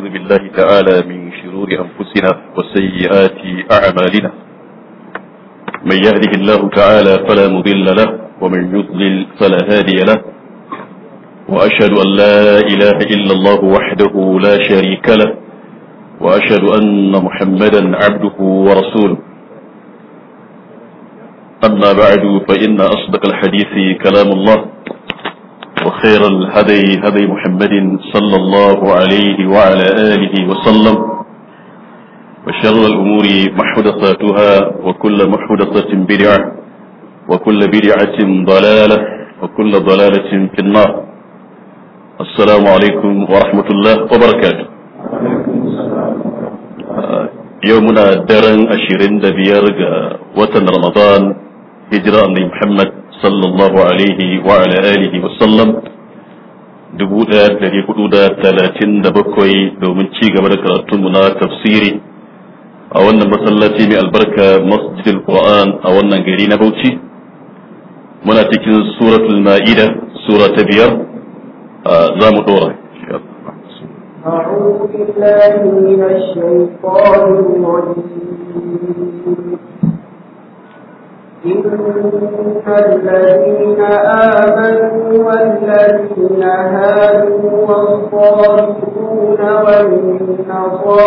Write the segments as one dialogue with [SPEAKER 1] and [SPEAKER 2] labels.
[SPEAKER 1] ونعوذ بالله تعالى من شرور أنفسنا وسيئات أعمالنا من يهده الله تعالى فلا مضل له ومن يضلل فلا هادي له وأشهد أن لا إله إلا الله وحده لا شريك له وأشهد أن محمدا عبده ورسوله أما بعد فإن أصدق الحديث كلام الله وخير الهدي هدي محمد صلى الله عليه وعلى آله وسلم وشر الأمور محدثاتها وكل محدثة بدعة وكل بدعة ضلالة وكل ضلالة في النار السلام عليكم ورحمة الله وبركاته يومنا درن أشيرين دبيار وطن رمضان هجرة محمد صلى الله عليه وعلى آله وسلم دبودة الذي حدودة تلاتين دبكوي دومن تيغا بركة تمنا تفسيري أولنا مسلا تيمي البركة مسجد القرآن أولنا غيرين بوتي منا تكين سورة المائدة سورة بيار زام دورة أعوذ بالله من الشيطان الرجيم إن الذين آمنوا والذين هادوا والصالحون والنصارى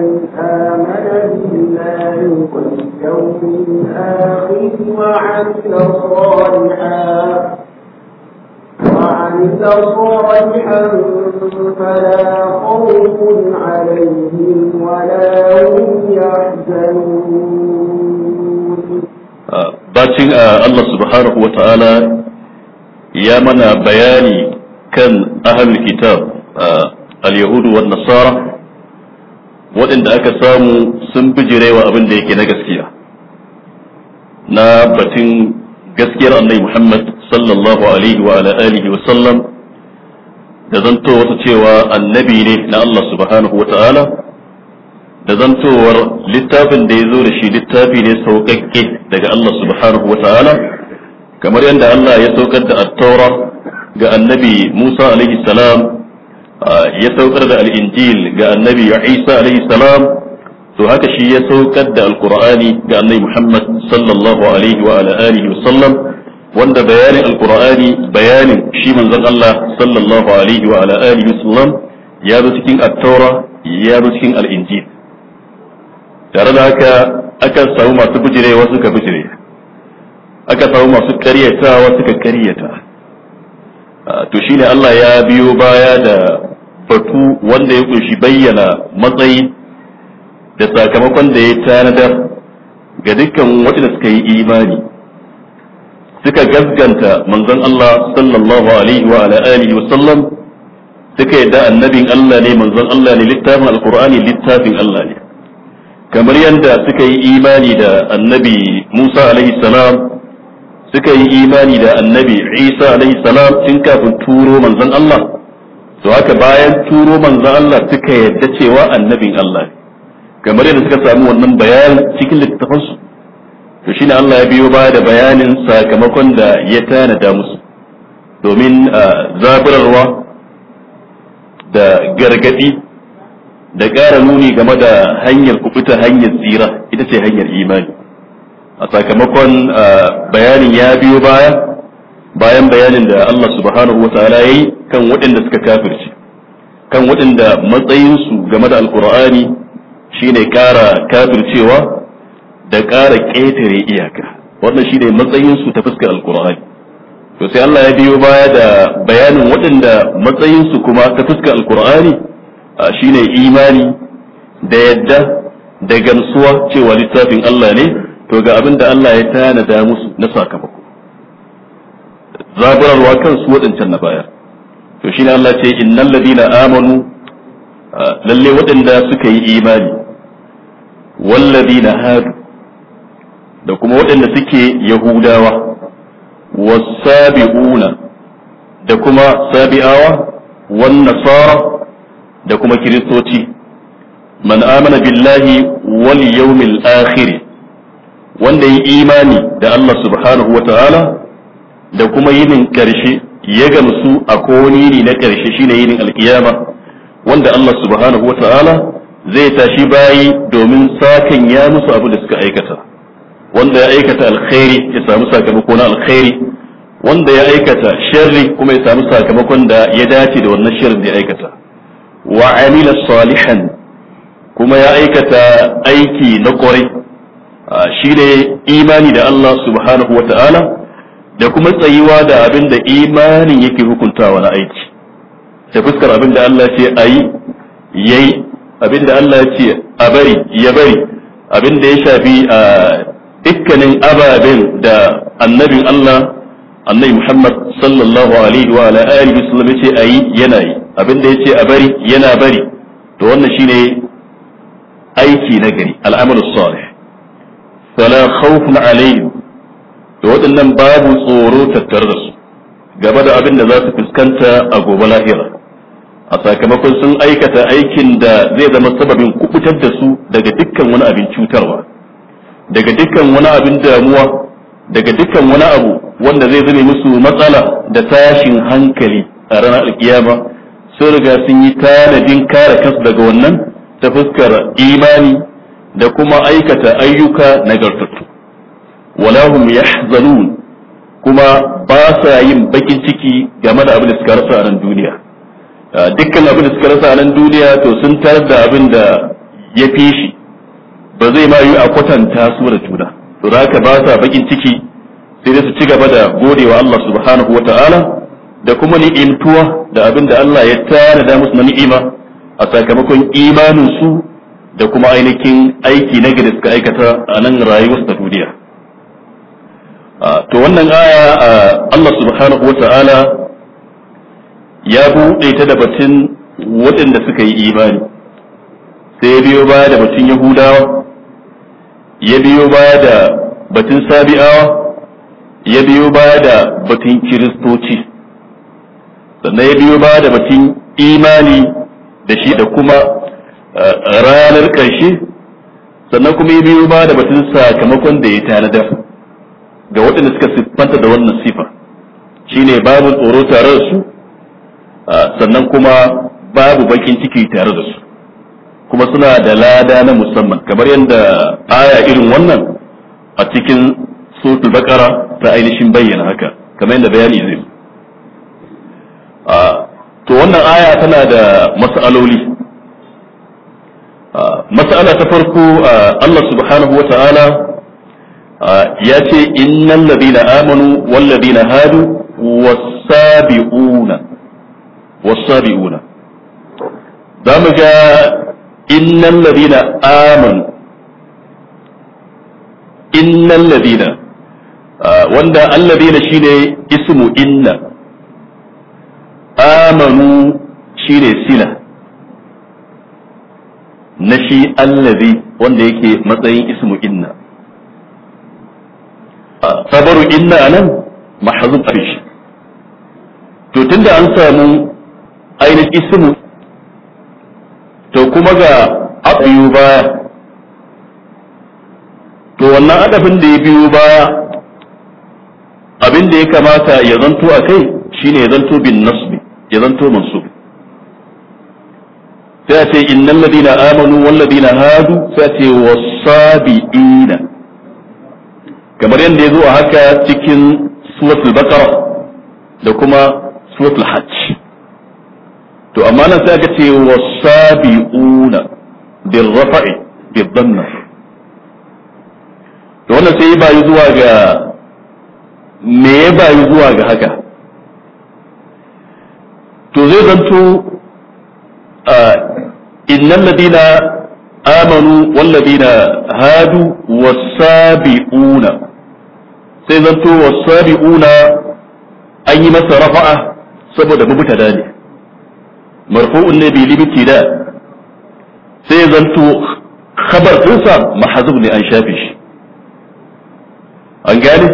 [SPEAKER 1] من آمن بالله واليوم الآخر وعمل صالحا وعمل صالحا فلا خوف عليهم ولا هم يحزنون bacin uh, Allah subhanahu wa ta'ala ya mana bayani kan ahlul kitab uh, al-yahudu wa nasara waɗanda aka samu sun bijirewa abin da yake na gaskiya na batun gaskiyar annai Muhammad sallallahu alaihi wa alihi wa sallam da zanto wata cewa annabi ne na Allah subhanahu wa ta'ala da zantowar littafin da ya zo da shi littafi ne sauƙaƙƙe daga Allah subhanahu wa ta'ala kamar yadda Allah ya saukar da attaura ga annabi Musa alaihi salam ya saukar da al-injil ga annabi Isa alaihi salam to haka shi ya saukar da alqur'ani ga annabi Muhammad sallallahu alaihi wa ala alihi wa sallam wanda bayanin alqur'ani bayanin shi manzon Allah sallallahu alaihi wa ala alihi wa sallam ya zo cikin attaura ya zo cikin al-injil tare da haka akan samu masu bijirewa suka bijire aka samu masu karyatawa suka karyata ah, to shine Allah ya biyo baya da batu wanda ya kunshi bayyana matsayi da sakamakon da ya tanadar ga dukkan waɗanda suka yi imani suka gaskanta manzon Allah sallallahu alaihi wa ala alihi wa sallam suka yadda annabin Allah ne manzon Allah ne littafin alqur'ani littafin Allah ne kamar yadda suka yi imani da annabi Musa alaihi salam suka yi imani da annabi Isa alaihi salam tun kafin turo manzon Allah to haka bayan turo manzon Allah suka yadda cewa annabin Allah kamar yadda suka samu wannan bayanin cikin su to shine Allah ya biyo baya da bayanin sakamakon da ya tanada musu domin ah, zaburarwa da gargadi da ƙara nuni game da hanyar kubuta hanyar tsira ita ce hanyar imani a sakamakon bayanin ya biyo baya bayan bayanin da Allah subhanahu wa ta'ala yayi kan waɗanda suka kafirce kan waɗanda matsayinsu game da alkur'ani shine ƙara kafircewa da ƙara ƙetare iyaka wannan shine matsayinsu ta fuskar alkur'ani to sai Allah ya biyo baya da bayanin waɗanda matsayinsu kuma ta fuskar alkur'ani shine imani da yadda da gamsuwa cewa littafin Allah ne to ga abin da Allah ya tanada musu na sakamako zaburarwa kan su waɗancan na baya to shine Allah ce innal ladina amanu lalle waɗanda suka yi imani walladina hadu da kuma waɗanda suke yahudawa wasabi'una da kuma sabi'awa wan nasara da kuma kiristoci man amana billahi wal yawmil akhir wanda yi imani da Allah subhanahu wataala da kuma yinin karshe ya gamsu a kowani na karshe shine yinin alkiyama wanda Allah subhanahu wataala zai tashi bayi domin sakan ya musu abu da suka aikata wanda ya aikata alkhairi ya samu sakamako na alkhairi wanda ya aikata sharri kuma ya samu sakamakon da ya dace da wannan sharrin da ya aikata wa amila salihan kuma ya aikata aiki na kwarai shi ne imani da Allah subhanahu wa ta'ala da kuma tsayiwa da abin da imanin yake hukuntawa na aiki da fuskar abin da Allah ce a yi yayi abin da Allah ce a bari ya bari abin da ya shafi a dukkanin ababen da annabin Allah annabi Muhammad sallallahu alaihi wa alihi wasallam ya ce a yi yana yi abin da yace a bari yana bari to wannan shine aiki na gari al'amalus salih fala khawfun alaihim to waɗannan babu tsoro tattare da su gaba da abin da za su fuskanta a gobe lahira a sakamakon sun aikata aikin da zai zama sababin kubutar da su daga dukkan wani abin cutarwa daga dukkan wani abin damuwa daga dukkan wani abu wanda zai zame musu matsala da tashin hankali a ranar alkiyama sun riga sun yi tanadin kare kansu daga wannan ta fuskar imani da kuma aikata ayyuka nagartattu walahum yahzanun kuma ba sa yin bakin ciki game da abin da suka rasa a nan duniya ah, dukkan abin da suka rasa a nan duniya to sun tarar da abin da ya fi shi ba zai ma yi a kwatanta su da juna to za ka ba sa bakin ciki sai dai su ci gaba da godewa Allah subhanahu Ta'ala. da kuma ni'imtuwa da abin da Allah ya tara da musu na ni'ima a sakamakon imanin su da kuma ainihin aiki na gida suka aikata a nan rayuwar ta duniya to wannan aya Allah subhanahu wa ta'ala ya buɗe ta da batun waɗanda suka yi imani sai biyo baya da batun yahudawa ya biyo baya da batun sabi'awa ya biyo baya da batun kiristoci sannan ya biyo ba da batun imani da shi da kuma eh, ranar ƙarshe sannan kuma ya biyo ba da batun sakamakon da ya tanadar ga waɗanda suka siffanta da wannan sifa shine babu tsoro tare da su eh, sannan kuma babu bakin ciki tare da su kuma suna da lada na musamman kamar yadda aya irin wannan a cikin suratul bakara ta ainihin bayyana haka kamar yadda bayani zai Ah, to wannan aya tana da mas'aloli ah, mas'ala ta farko ah, Allah subhanahu wa ta'ala ya ce innal ladina amanu wal ladina hadu was-sabiuna was-sabiuna mu ga innal ladina amanu innal ladina wanda alladina shine ismu inna amanu shine sila na shi allazi wanda yake matsayin ismu inna sabaru inna anan mahzub afish to tunda an samu ainihin ismu to kuma ga abiyu baya to wannan adabin da ya biyo baya abin da ya kamata ya zanto a kai shine ya zanto bin nasbi ya zanto su. sai a ce innal ladina amanu wal ladina hadu sai a ce wasabiina kamar yadda yazo a haka cikin suratul baqara da kuma suratul hajj to amma nan sai aka ce wasabiuna bil rafa'i bil dhamma to wannan sai bayu zuwa ga me ya bayu zuwa ga haka to zai zanto innal ladina amanu wal ladina hadu wasabiuna sai zanto wasabiuna an yi masa rafa'a saboda da ne marfu'un ne bi libti da sai zanto khabar dinsa mahzub ne an shafe shi an gane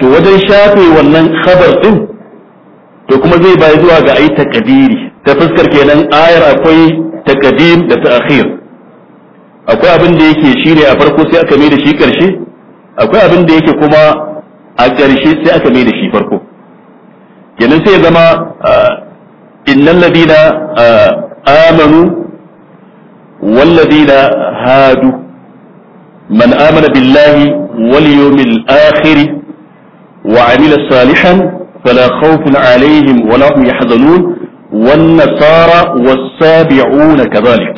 [SPEAKER 1] to wajen shafe wannan khabar din to kuma zai bai zuwa ga ayi takadiri ta fuskar kenan ayar akwai takadim da ta'khir akwai abin da yake ne a farko sai aka mai da shi karshe akwai abin da yake kuma a karshe sai aka mai da shi farko kenan sai zama innal ladina amanu wal ladina hadu man amana billahi wal yawmil akhir wa amila salihan فلا خوف عليهم ولا هم يحزنون والنصارى والسابعون كذلك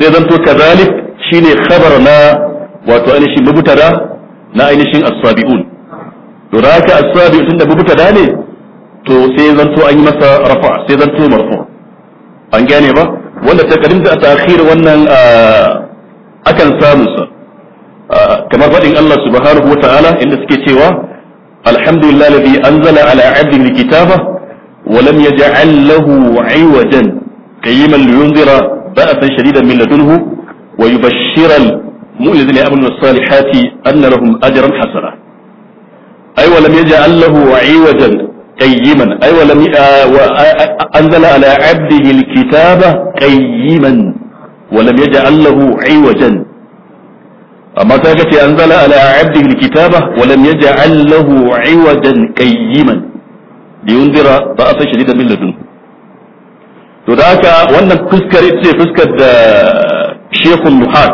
[SPEAKER 1] سيدنتو كذلك شيني خبرنا واتو اني شي مبتدا نا اني شي السابعون دراك السابعون ده مبتدا ني تو سيدنتو اني مسا رفع سيدنتو مرفوع آه، آه، ان كان ba ولا ta karim da takhir wannan akan samu sa kamar fadin Allah subhanahu wataala inda الحمد لله الذي أنزل على عبده الكتاب ولم يجعل له عوجا قيما لينذر بأسا شديدا من لدنه ويبشر المؤمنين يأمنون الصالحات أن لهم أجرا حسنا أي ولم يجعل له عوجا قيما أي ولم أنزل على عبده الكتاب قيما ولم يجعل له عوجا amma ta ga ce anzala ala abdihi alkitaba wa lam yaj'al lahu 'iwajan qayyiman liyundira ba'sa shadidan min ladun to da haka wannan fuskar ce fuskar da shekul nuhat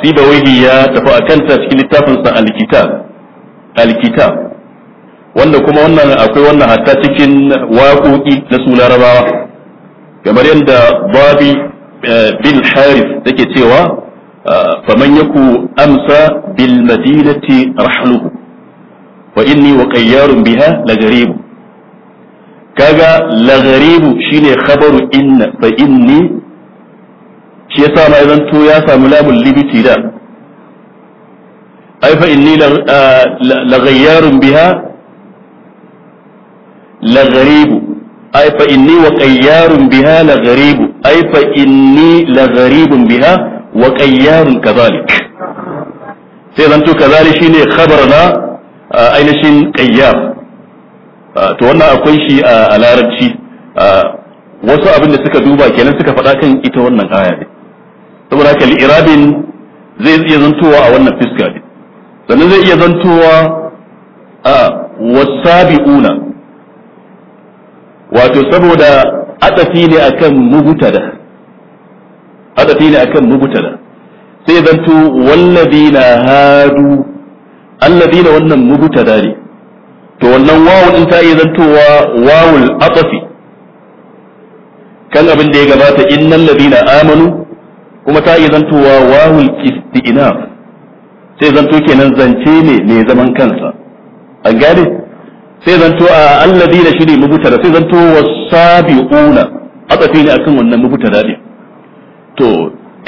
[SPEAKER 1] sibawaihi ya tafi a kanta cikin sa alkitab alkitab wanda kuma wannan akwai wannan hatta cikin waƙoƙi na su larabawa kamar yadda babi eh, bin harif take cewa faman yaku amsa bil madinati rahluhu wa inni wa qayyarun biha la gharib kaga la gharib shine khabaru inna fa inni shi yasa ma idan to ya samu lamul libiti da ai fa inni la ghayyarun biha biha la wa qayyarun kazalik sai zanto kazalik shine khabar na ainihin ƙayyar to wannan akwai shi a larabci wasu abin da suka duba kenan suka faɗa kan ita wannan aya ne saboda haka li'irabin zai iya zantowa a wannan fiska ne sannan zai iya zantowa a wasabi'una wato saboda atafi ne akan mubutada adafi ne akan mubtada sai zanto wallazina hadu allazina wannan mubtada ne to wannan wawun din ta yi zantowa wawul atafi kan abin da ya gabata innal ladina amanu kuma ta yi zantowa wawul istinaf sai zanto kenan zance ne mai zaman kansa an gane sai zanto a alladina shine mubutada sai zanto wasabiuna atafi ne akan wannan mubutada ne to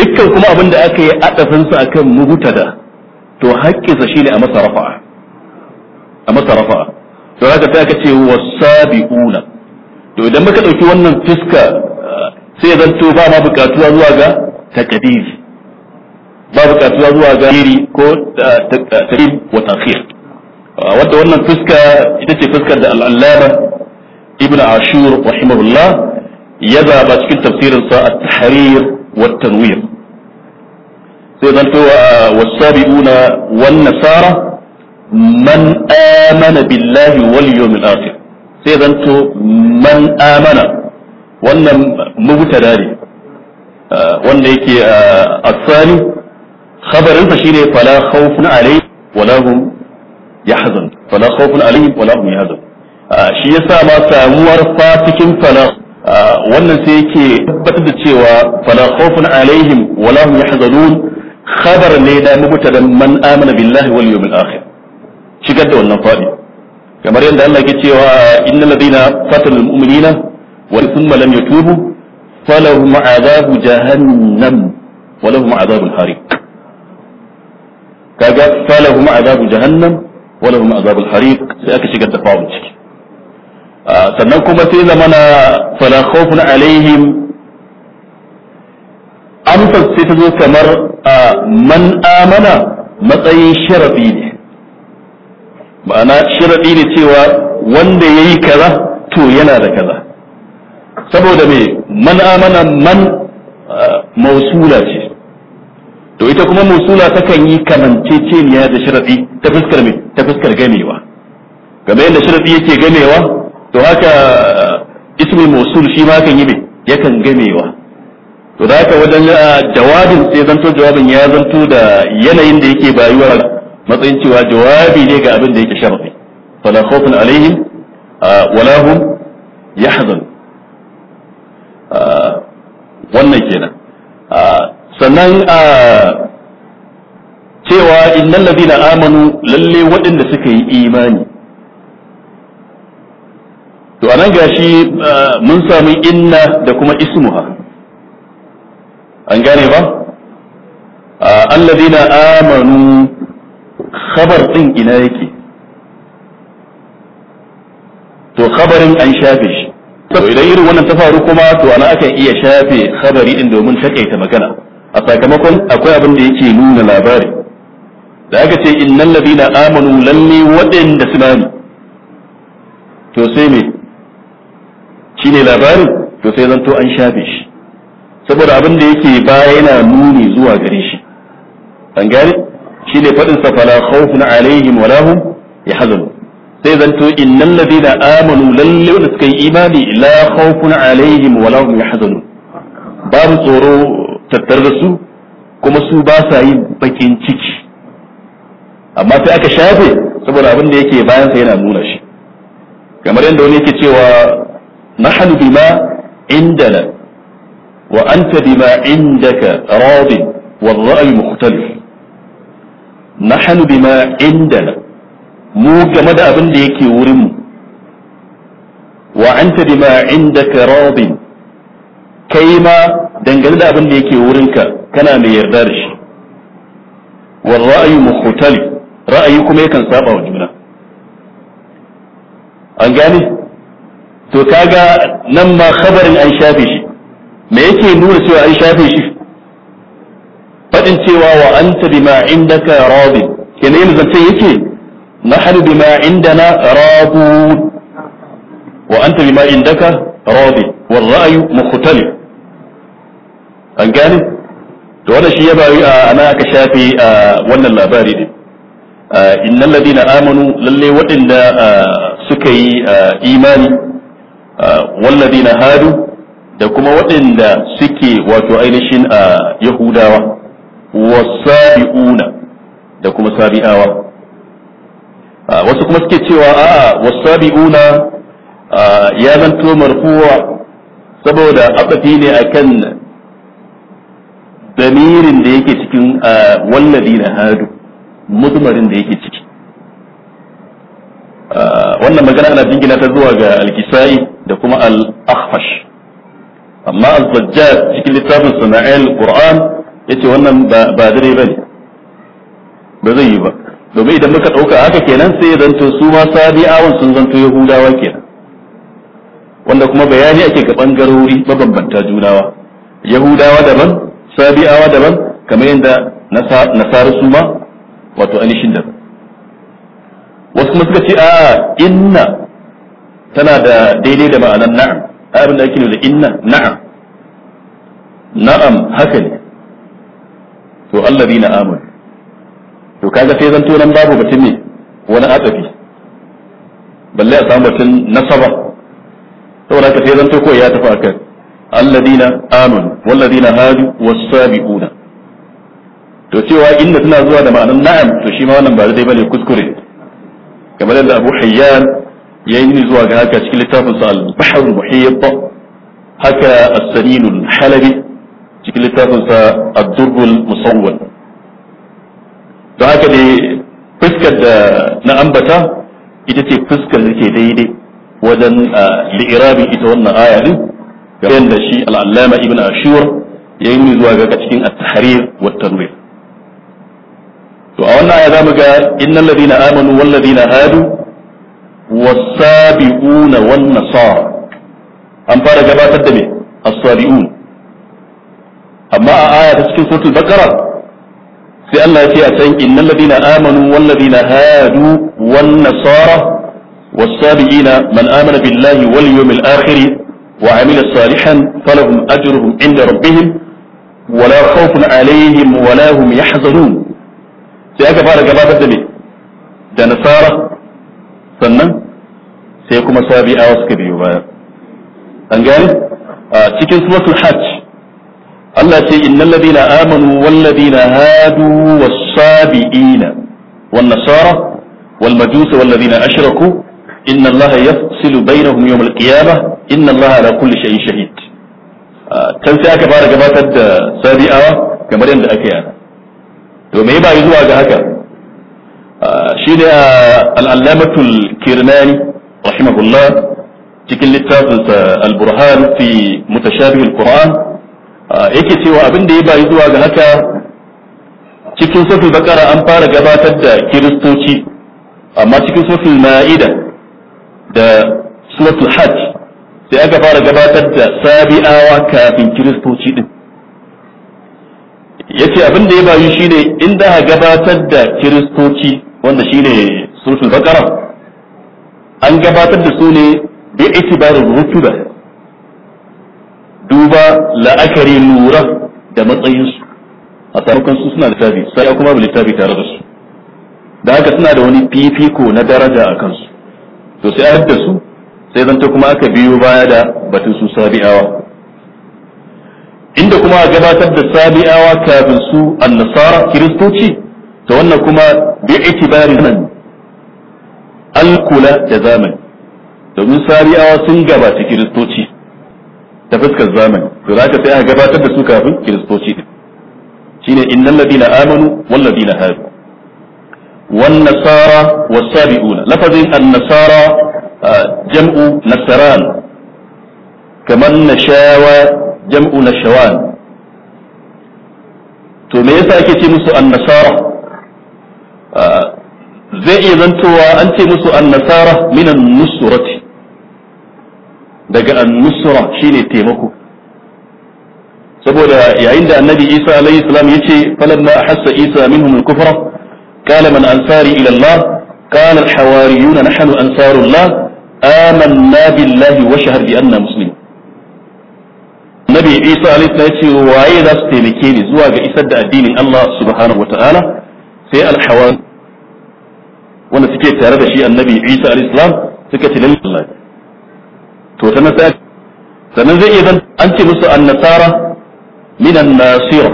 [SPEAKER 1] dukkan kuma abin da aka yi adafin sa kan mubtada to haƙƙinsa shine a masa rafa'a a masa rafa'a to haka sai aka ce wasabiuna to idan muka ɗauki wannan fiska sai zanto ba ma bukatuwa zuwa ga taqdir ba bukatuwa zuwa ga yiri ko taqdim wa ta'khir wanda wannan fiska ita ce fiskar da al Ibn ibnu ashur rahimahullah ya zaba cikin tafsirinsa sa at-tahrir والتنوير آه، والسابقون والنصارى من آمن بالله واليوم الآخر سيدنت من آمن وأن مبتداري آه، وأن آه، الثاني خبر الفشير فلا خوف عليه ولا هم يحزن فلا خوف عليه ولا هم يحزن شيء ما سامور فاتك فلا خوف wannan sai yake tabbatar da cewa fala khawfun alaihim wala hum yahzanun khabar ne da mubtada man amana billahi wal yawmil akhir shigar da wannan fadi kamar yadda Allah yake cewa innal ladina fatalul mu'minina wa thumma lam yatubu falahum adhabu jahannam wa lahum adhabul hariq kaga falahum adhabu jahannam wa lahum adhabul hariq sai aka shigar da fa'un ciki Ah, sannan kuma sai na fala khawfun alaihim amsar sai ta zo kamar ah, man amana matsayin sharaɗi ne ma'ana sharaɗi ne cewa wanda ya yi kaza to yana da kaza saboda mai man amana man ah, mausula ce to ita kuma musula takan yi kamanceceniya da sharaɗi ta fuskar ganewa game da sharaɗi yake gamewa to haka ismul mosul shi ma kan yi me yakan gamewa to da haka wajen jawabin sai zanto jawabin ya zanto da yanayin da yake bayuwa matsayin cewa jawabi ne ga abin da yake sharfi fala khawfun alaihim wala hum yahzan wannan kenan sannan cewa innal ladina amanu lalle waɗanda suka yi imani to a nan gashi eh, mun samu inna da kuma ismuha an gane ba alladina amanu khabar din ina yake to khabarin an shafe shi to idan irin wannan ta faru kuma to ana akan iya shafe khabari din domin takaita magana a sakamakon akwai abin da yake nuna labari da aka ce innal ladina amanu lalle waɗanda suna to sai me Shi ne labarin to sai zanto an shafe shi saboda abin da yake baya yana nuni zuwa gare shi an gane ne fadin sa fala khawfun alaihim wa lahum yahzanun sai zanto innal ladina amanu lalle wa suka imani la khawfun alaihim wala hum yahzanun babu tsoro tattare da su kuma su ba sa yin bakin ciki amma sai aka shafe saboda abin da yake bayan sa yana nuna shi kamar yadda wani yake cewa نحن بما عندنا وأنت بما عندك راض والرأي مختلف نحن بما عندنا مو جمد أبن ديك يورم وأنت بما عندك راض كيما دنجلد أبن ديك يورنك كنا ميردارش والرأي مختلف رأيكم يكن إيه سابع وجبنا أنجاني to kaga nan ma khabarin an shafe shi me yake nuna cewa an shafe shi fadin cewa wa anta bima indaka radin kenan yanzu zance yake nahnu bima indana radun wa anta bima indaka radin wal ra'yu mukhtalif an gane to wannan shi ya bari a ana aka shafe wannan labari din innal ladina amanu lalle waɗanda suka yi imani na hadu da kuma waɗanda suke wato ainihin a yahudawa wasabi'una da kuma sabi'awa wasu kuma suke cewa a'a wasabi'una ya zanto marfuwa saboda abafi ne akan damirin da yake cikin wallazi na hadu mudmarin da yake Ah, wannan magana ana jingina ta zuwa ga al-kisai da kuma al-akhfash amma al zajjaj cikin littafin sana'il qur'an yace wannan ba dare bane ba zai yi ba domin idan muka dauka haka kenan sai to su ma sabi'awan sun zanto yahudawa kenan wanda kuma bayani ake ga bangarori mabambanta junawa yahudawa daban sabi'awa daban kamar yadda nasar su ma wato anishin daban wasu kuma suka ce a ah, inna tana da daidai da ma'anar na'am abin da ake da inna na'am na'am haka ne to allazi na amur to kaga sai zan nan babu batun ne wani atsafi balle a samu batun nasaba saboda ka sai zanto ko ya tafi akan alladina amanu walladina hadu was-sabiquna to cewa inna tana zuwa da ma'anar na'am to shi ma wannan ba dai bane kuskure كما لأن أبو حيان يأني زواج هكا سكيلة تافنسا البحر المحيط هكا السنين الحلبي سكيلة تافنسا الدرب المصول فهكا دي فسكة نأنبتا إتتي فسكة لكي ديدي ودن آه، لإرابي إتوانا آية كان دا العلامة ابن أشور يأني زواج هكا التحرير والتنوير wannan aya zamu ga innal ladina amanu wal ladina hadu was-sabiquna wan nasar an fara gabatar da me as-sabiqun amma a aya ta cikin suratul baqara sai Allah ya ce a san innal ladina amanu wal ladina hadu wan nasara والسابقين من آمن بالله واليوم الآخر وعمل صالحا فلهم أجرهم عند ربهم ولا خوف عليهم ولا هم يحزنون sai aka fara gabatar da me da nasara sannan sai kuma sabi sabi'awa suka biyo baya an gane a cikin suratul hajj Allah ce innal ladina amanu wal ladina hadu was sabiina wan nasara wal majusa wal ladina ashraku inna Allah yafsilu bainahum yawm al qiyamah inna Allah ala kulli shay'in shahid kan sai aka fara gabatar da sabi'awa kamar yadda aka yi to me ba zuwa ga haka shi da al'allamatul kirmani rahimahullah cikin littafinsa al-burhan fi mutashabih al-qur'an yake cewa abin da ya bayi zuwa ga haka cikin sufi bakara an fara gabatar da kiristoci amma cikin sufi ma'ida da suratul hajj sai aka fara gabatar da sabi'awa kafin kiristoci din Ya ce abin da ya bayu shine inda a gabatar da kiristoci wanda shine suratul baqara an gabatar da su ne bi itibarin rutuba duba la'akari lura da matsayinsu a sakamakon su suna littafi sai kuma littafi tare da su da haka suna da wani fifiko na daraja a kansu to sai a su sai zanto kuma aka biyo baya da batun su sabi'awa inda kuma gabatar da sabi'awa kafin su annasara kiristoci ta wannan kuma bi itibari nan an kula da zamani domin sabi'awa sun gabaci kiristoci ta fuskar zamani to za ka sai a gabatar da su kafin kiristoci din shine innal ladina amanu wal ladina hadu wan nasara was sabiuna lafazin an nasara jam'u nasaran kamar nashawa jam'u na to me yasa ake ce musu annasara zai iya zantowa an ce musu annasara minan nusurati daga annusura shine taimako saboda yayin da annabi isa alayhi salam yace falamma ahassa isa minhum al-kufra qala man ansari ila allah kana al-hawariyuna nahnu ansarullah amanna billahi wa shahid bi anna muslimin annabi isa alaihi ya ce waye za su taimake ni zuwa ga isar da addinin Allah subhanahu wataala sai alhawan wanda suke tare da shi annabi isa alaihi salam suka ce lillahi to ta nasa sannan zai iya zan an ce musu annasara minan nasira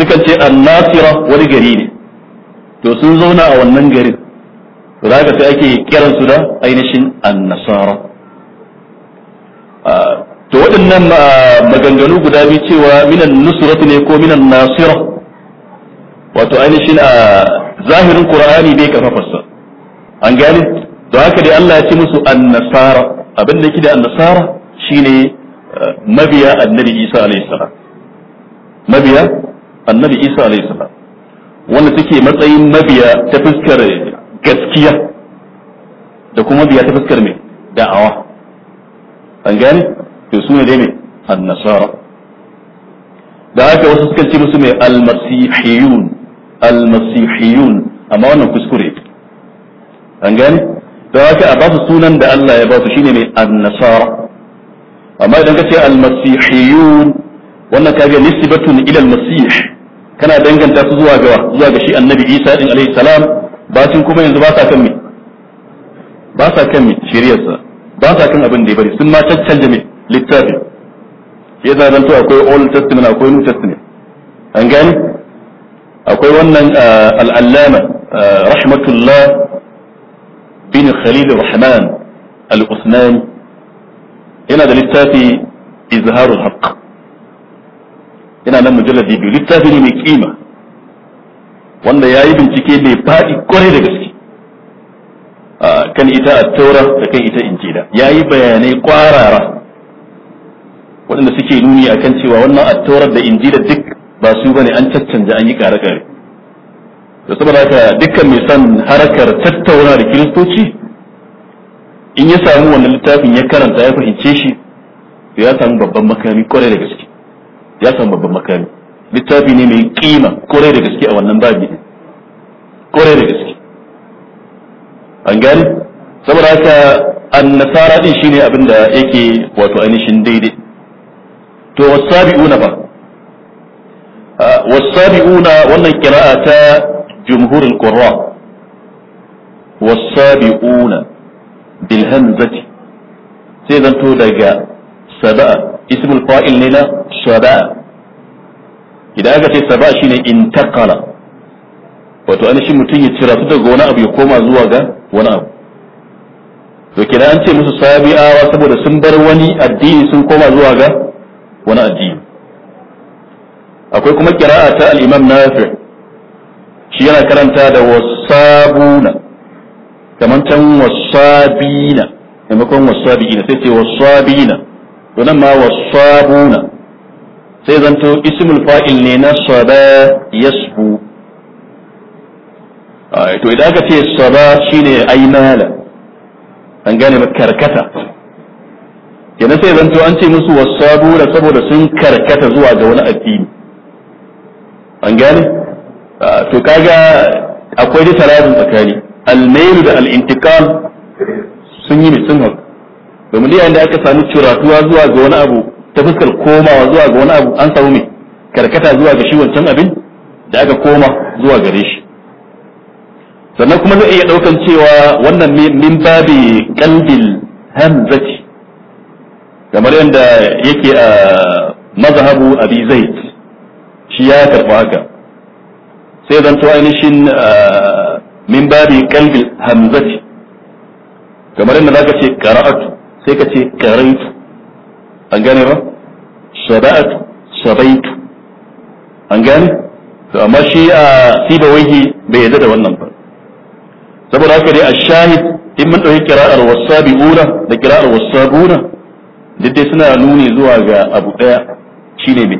[SPEAKER 1] suka ce annasira wani gari ne to sun zauna a wannan garin
[SPEAKER 2] to da haka sai ake
[SPEAKER 1] kiransu da ainihin annasara ah, to waɗannan ah, maganganu guda biyu cewa minan nusrat ne ko minan nasira wato ainihin a ah, zahirin qur'ani bai kafafarsa an gane to haka dai Allah ya ce musu annasara abin da yake da annasara shine ah, mabiya annabi Isa alaihi salam mabiya annabi Isa alaihi salam wanda take matsayin mabiya ta fuskar gaskiya da kuma mabiya ta fuskar mai da'awa an gane to su ne dai ne annasara da haka wasu suka ce musu mai almasihiyun almasihiyun amma wannan kuskure an gane da haka a basu sunan da Allah ya basu shine mai annasara amma idan ka ce almasihiyun wannan ka kaga nisbatun ila almasih kana danganta su zuwa ga zuwa ga shi annabi Isa din alaihi salam bacin kuma yanzu ba sa kan me ba sa kan me shiriyarsa ba sa kan abin da ya bari sun ma caccanje me littafi ya sa zanto akwai old testament akwai new testament an gani akwai wannan al'allama rahmatullah bin khalil rahman al usman yana da littafi izharul haqq yana nan mujalladi biyu littafi ne mai kima wanda ya yi bincike mai faɗi kwarai da gaske kan ita a taura da kan ita injila ya yi bayanai kwarara waɗanda suke nuni a kan cewa wannan attaurar da injila duk ba su ba ne an caccanja an yi kare-kare da saboda haka dukkan mai son harakar tattauna da kiristoci in ya samu wannan littafin ya karanta ya fahimce shi to ya samu babban makami kwarai da gaske ya samu babban makami littafi ne mai kima kwarai da gaske a wannan babi kwarai da gaske an gani saboda haka an nasara din shine abin da yake wato ainihin daidai to wasabi'una ba wasabi'una wannan kira'a ta jumhurul qurra wasabi'una bil hamzati sai zan zanto daga saba'a ismul fa'il ne na saba'a idan aka ce saba'a shine intaqala wato an shi mutum ya cira su daga wani abu ya koma zuwa ga wani abu to kina an ce musu sabi'awa saboda sun bar wani addini sun koma zuwa ga Wani addini akwai kuma kira'a ta al-imam nafi shi yana karanta da wasabuna kaman can wasabina maimakon wasabina sai ce wasabina to nan ma wasabuna sai zanto ismul fa'il ne na saba yasbu to idan aka ce saba shine ainala an gane karkata kenan sai zanto an ce musu wasabura saboda sun karkata zuwa ga wani addini an gane to kaga akwai da tarazun tsakani almailu da al'intikam sun yi sun hau domin yayin da aka sami curatuwa zuwa ga wani abu ta fuskar komawa zuwa ga wani abu an samu mai karkata zuwa ga shi wancan abin da aka koma zuwa gare shi sannan kuma zai iya daukan cewa wannan min babi kalbil hamzati kamar yadda yake a mazhabu abi zaid shi ya karba haka sai zanto ainihin min babi kalbi hamzati kamar yadda zaka ce qara'atu sai ka ce qaraitu an gane ba saba'atu sabaitu an gane to amma shi a sibawaihi bai yadda da wannan ba saboda haka dai a shahid in mun dauki qira'ar wasabiuna da qira'ar wasabuna duk dai suna nuni zuwa ga abu ɗaya. shine me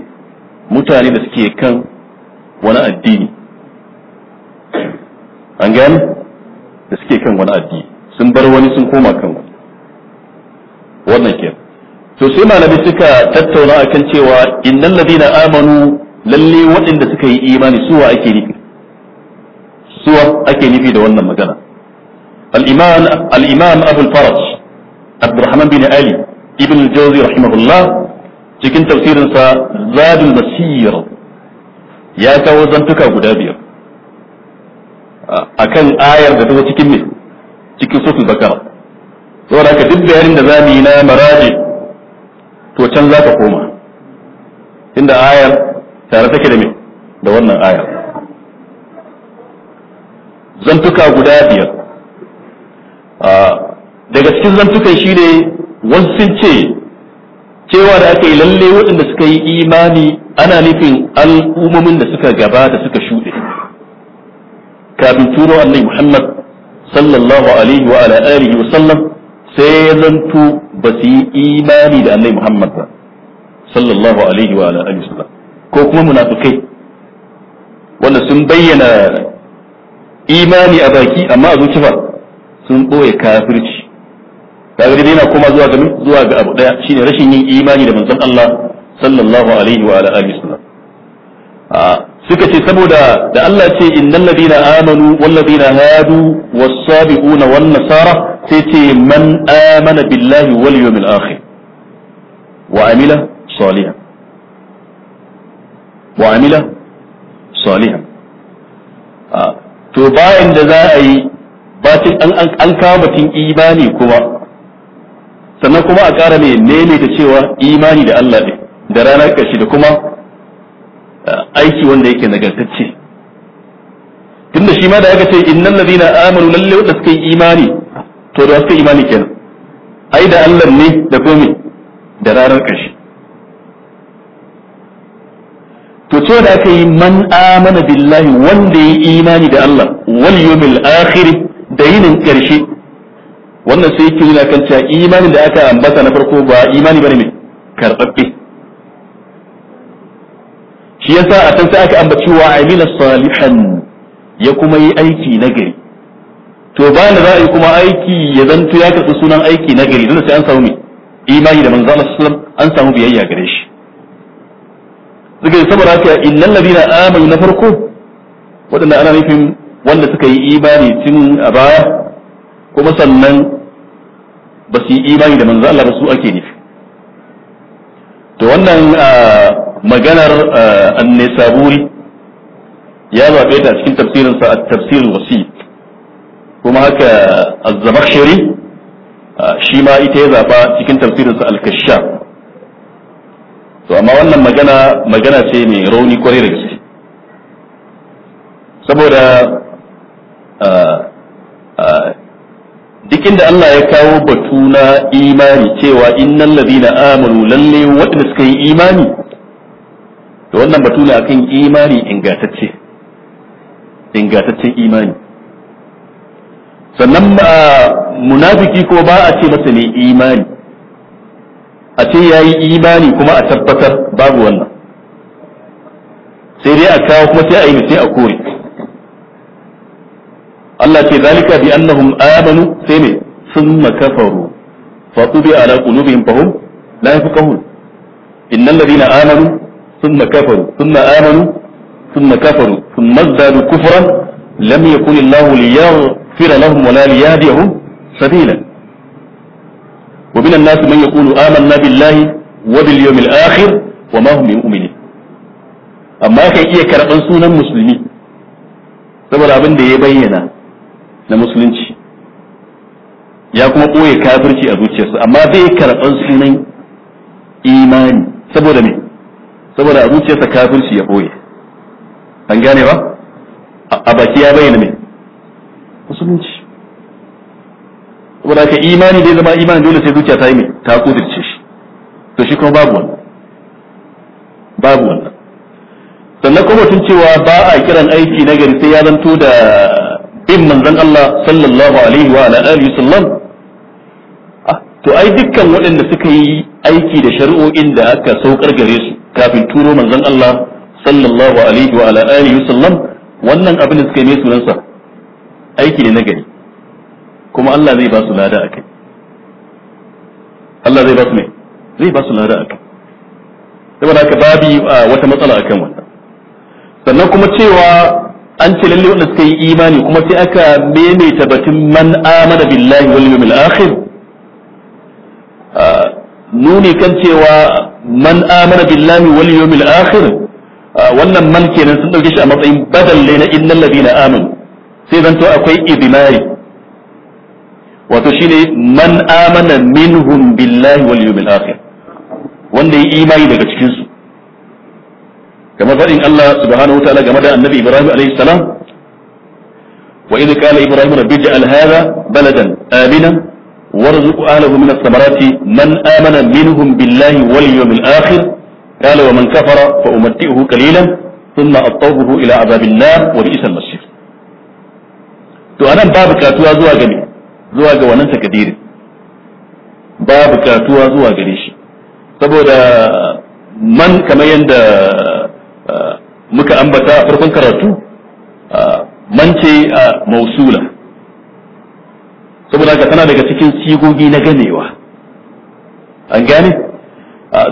[SPEAKER 1] mutane da suke kan wani addini an gane da suke kan wani addini sun bar wani sun koma kan wani wannan ke to sai malami suka tattauna akan cewa innal ladina amanu lalle waɗanda suka yi imani suwa ake nufi suwa ake nufi da wannan magana al-imam al-imam abul faraj abdurrahman bin ali ibn al-jawzi rahimahullah cikin tafsirinsa sa zadul basir ya kawo zantuka guda biyar A kan ayar da ta cikin ne cikin suratul bakara saboda haka duk bayanin da zamu yi na maraji to can za ka koma inda ayar tare take da me da wannan ayar zantuka guda biyar daga cikin zantukan shi shine wasu sun ce cewa da aka yi lalle waɗanda suka yi imani ana nufin al'ummomin da suka gaba da suka shuɗe kafin turo annabi Muhammad sallallahu alaihi wa ala alihi wa sallam sai ya zanto ba su yi imani da annabi Muhammad ba sallallahu alaihi wa ala alihi wa sallam ko kuma munafikai wanda sun bayyana imani a baki amma a zuciya sun ɓoye kafirci kaga dai yana koma zuwa ga zuwa ga abu daya shine rashin yin imani da manzon Allah sallallahu alaihi wa ala alihi wasallam suka ce saboda da Allah ce innal ladina amanu wal ladina hadu was sabiquna wan nasara sai ce man amana billahi wal yawmil akhir wa amila salihan wa amila salihan to bayan da za a yi bacin an kama mutum imani kuma sannan kuma a ƙara ne maimaita cewa imani da Allah ne da ranar ƙarshe da kuma aiki wanda yake nagartacce Tun da shi ma da aka ce innal ladina amanu lalle wanda suka yi imani to da suka imani kenan ai da Allah ne da kuma da ranar ƙarshe to ce da aka yi man amana billahi wanda ya yi imani da Allah wal yawmil akhir da yinin ƙarshe wannan sai yake nuna kan cewa imanin da aka ambata na farko ba imani bane mai karɓaɓɓe shi yasa a can sai aka ambaci wa amila salihan ya kuma yi aiki nagari to ba da za a yi kuma aiki ya zanto ya karɓi sunan aiki nagari dole sai an samu mai imani da manzo Allah sallam an samu biyayya gare shi suka yi saboda haka innal ladina amanu na farko waɗanda ana nufin wanda suka yi imani tun a baya kuma sannan ba su yi imani da manzo Allah ba su ake nufi to wannan maganar an saburi ya zabe ta cikin tafsirin sa at-tafsir wasi kuma haka az-zamakhshari shi ma ita ya zaba cikin tafsirin sa al to amma wannan magana magana ce mai rauni kwarai da gaske saboda duk inda Allah ya kawo batu na imani cewa innal ladina amanu lalle waɗanda suka yi imani to wannan batu ne akan imani ingatacce ingantaccen imani sannan munafiki ko ba a ce masa ne imani a ce ya yi imani kuma a tabbatar babu wannan sai dai a kawo kuma sai a yi sai a kore Allah ce zalika bi annahum amanu sai ne thumma kafaru fa tubi ala qulubihim fahum la yafqahun innal ladina amanu thumma kafaru thumma amanu thumma kafaru thumma zadu kufran lam yakun Allah liyaghfira lahum wa la liyahdihum sabila wa minan nas man yaqulu amanna billahi wa bil yawmil akhir wa ma hum mu'minin amma kai iya karban sunan musulmi saboda abin da ya bayyana na musulunci ya kuma ɓoye kafirci a zuciyarsa amma zai karɓar sunan imani saboda me saboda a zuciyarsa kafirci ya ɓoye an gane ba a baki ya bayyana me musulunci saboda ka imani dai zama imani dole sai zuciya ta yi me ta kudurce shi to shi kuma babu wannan babu wannan sannan kuma tun cewa ba a kiran aiki na gari sai ya zanto da bin manzon Allah sallallahu alaihi wa alihi sallam ah, to ai dukkan waɗanda suka yi aiki da shari'o'in da aka saukar gare su kafin turo manzon Allah sallallahu alaihi wa alihi sallam wannan abin da suka yi ne sunansa aiki ne nagari? kuma Allah zai ba su lada akai Allah zai ba su ne zai ba su lada akai saboda haka babu ah, wata matsala akan wannan sannan kuma cewa an ce lalle wanda suka yi imani kuma sai aka maimaita batun man amana billahi wal yawmil akhir nuni kan cewa man amana billahi wal yawmil akhir wannan man kenan sun dauke shi a matsayin badalle na innal ladina amanu sai zanto akwai idmari wato shine man amana minhum billahi wal yawmil akhir wanda ya imani daga cikin su kamar faɗin Allah subhanahu wa ta'ala game da annabi Ibrahim alaihi salam wa idh qala Ibrahim rabbi ij'al hadha baladan amina warzuq ahlihi min ath-thamarati man amana minhum billahi wal yawmil akhir qala wa man kafara fa umatti'uhu qalilan thumma atawuhu ila adhabil nar wa bi'sa al-masir to anan babu katuwa zuwa ga zuwa ga wannan takdirin babu katuwa zuwa gare shi saboda man kamar yadda muka ambata a farkon karatu mance a mausula saboda ka tana daga cikin sigogi na ganewa an gane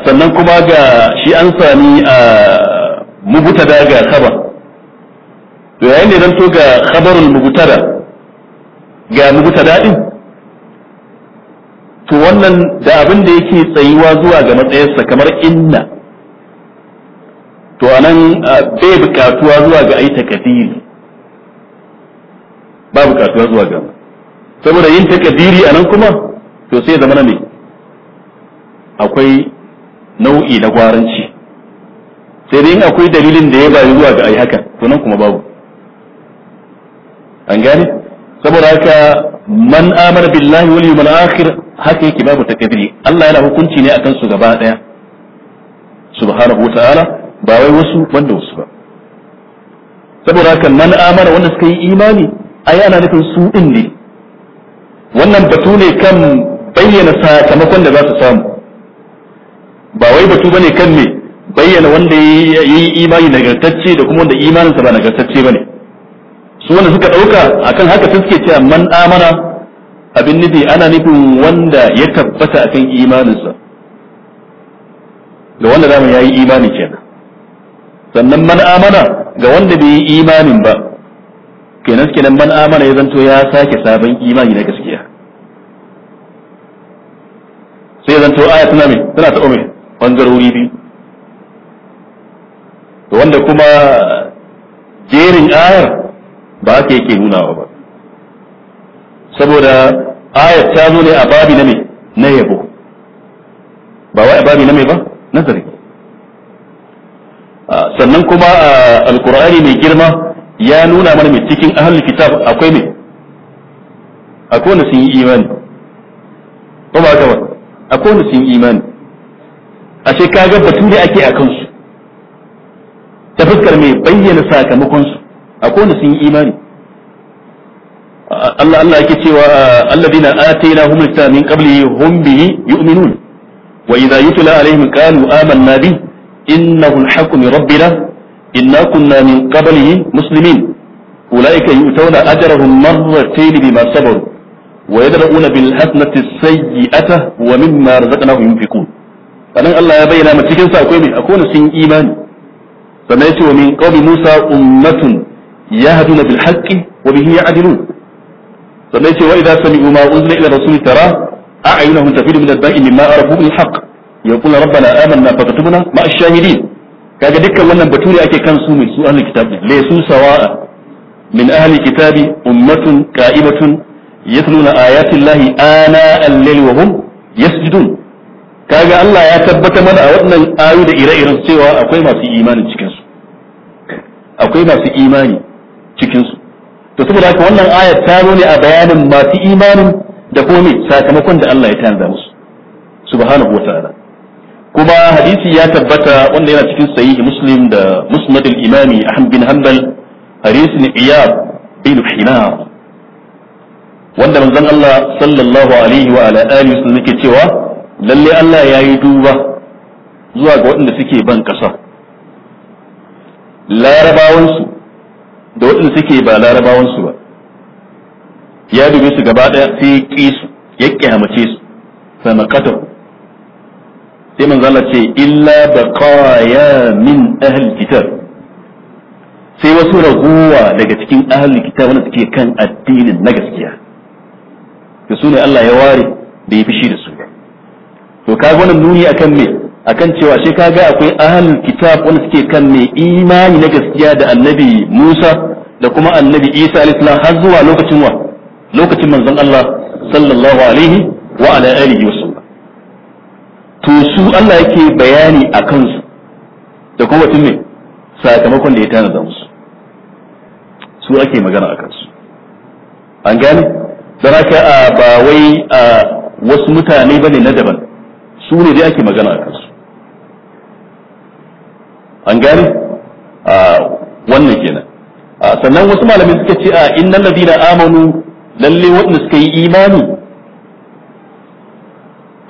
[SPEAKER 1] sannan kuma ga shi an sami a mubutada ga khabar to yayin da zan to ga khabarul mubutada ga mubutada din to wannan da abin da yake tsayuwa zuwa ga matsayinsa kamar inna to anan bai bukatuwa zuwa ga ai takadiri ba bukatuwa zuwa ga saboda yin takadiri anan kuma to sai zama ne akwai nau'i na gwaranci sai dai akwai dalilin da ya bayu zuwa ga ai haka to nan kuma babu an gane saboda haka man amana billahi wal yawmil akhir haka yake babu takadiri Allah yana hukunci ne akan su gaba daya subhanahu wa ta'ala ba wai wasu banda wasu ba saboda haka man amana wanda suka yi imani ai ana nufin su din ne wannan batu ne kan bayyana sakamakon da za su samu ba wai batu bane kan me bayyana wanda ya yi imani nagartacce da kuma wanda imaninsa ba nagartacce bane su wanda suka dauka akan haka suke cewa man amana abin nufi ana nufin wanda ya tabbata akan imaninsa da wanda zamu yayi imani kenan sannan man amana ga wanda bai yi imanin ba kenan kenan man amana ya zanto ya sake sabon imani na gaskiya sai ya zanto aya tana mai tana taɓa mai ɓangarori biyu Da wanda kuma jerin ayar ba ake yake nunawa ba saboda ayar ta zo ne a babi na mai na yabo ba wai a babi na mai ba na zargi Ah, sannan kuma ah, alqur'ani mai girma ya nuna mana mai cikin ahlul kitab akwai ne akwai wanda sun yi imani ko ba gaba akwai wanda sun yi imani ashe ga batun da ake a kansu ta fuskar mai bayyana sakamakon su akwai wanda sun yi imani ah, Allah Allah yake cewa alladina atainahum min qabli hum bihi yu'minun wa idza yutla alaihim qalu amanna bihi innahu alhaqqu min rabbina inna kunna min qablihi muslimin ulaika yu'tawna ajrahum marratayn bima sabaru wa yadra'una bil hasanati sayyi'ata wa mimma razaqnahum yunfiqun sanan Allah ya bayyana mu cikin sa akwai ne akwai wani sun imani sannan yace wa min qawmi musa ummatun yahduna bil haqqi wa bihi ya'dilun sannan yace wa tara yaqulu na amanna fakatubna ma ash-shahidin kaga dukkan wannan batu ne ake kan su mai su ahlul kitab ne laysu sawa'a min ahlil kitabi ummatun qa'imatun yatluna ayati llahi ana al-layli wa hum yasjudun kaga Allah ya tabbata mana a wannan ayu da ire-iren cewa akwai masu imani cikin su akwai masu imani cikin su to saboda haka wannan aya ta zo ne a bayanin masu imanin da kuma sakamakon da Allah ya tanza Su subhanahu wa ta'ala kuma hadisi ya tabbata wanda yana cikin sahihi muslim da musnad al-imami ahmad bin hanbal hadisin iyab bin hinar wanda manzon Allah sallallahu alaihi wa ala alihi wasallam yake cewa lalle Allah ya yi duba zuwa ga waɗanda suke ban ƙasa larabawansu da waɗanda suke ba larabawansu ba ya dube su gaba ɗaya sai ya ƙi su ya ƙyamace su fa maqatahu sai manzo Allah ce illa da baqaya min ahli kitab sai wasu raguwa daga cikin ahli kitab wanda suke kan addinin na gaskiya to su ne Allah ya ware da ya fishi da su to ka ga wannan nuni akan me akan cewa shi kaga akwai ahli kitab wanda suke kan me imani na gaskiya da annabi Musa da kuma annabi Isa alayhi salam har zuwa lokacin wa lokacin manzon Allah sallallahu alaihi wa ala alihi wa to su Allah yake bayani a kansu da kuma mutum ne sakamakon da ya tanada musu su ake magana a kansu an gane don haka ba wai wasu mutane ba ne na daban su ne dai ake magana a kansu an gane wannan kenan a sannan wasu malamin suka ce a innan ladina amanu lalle waɗanda suka yi imani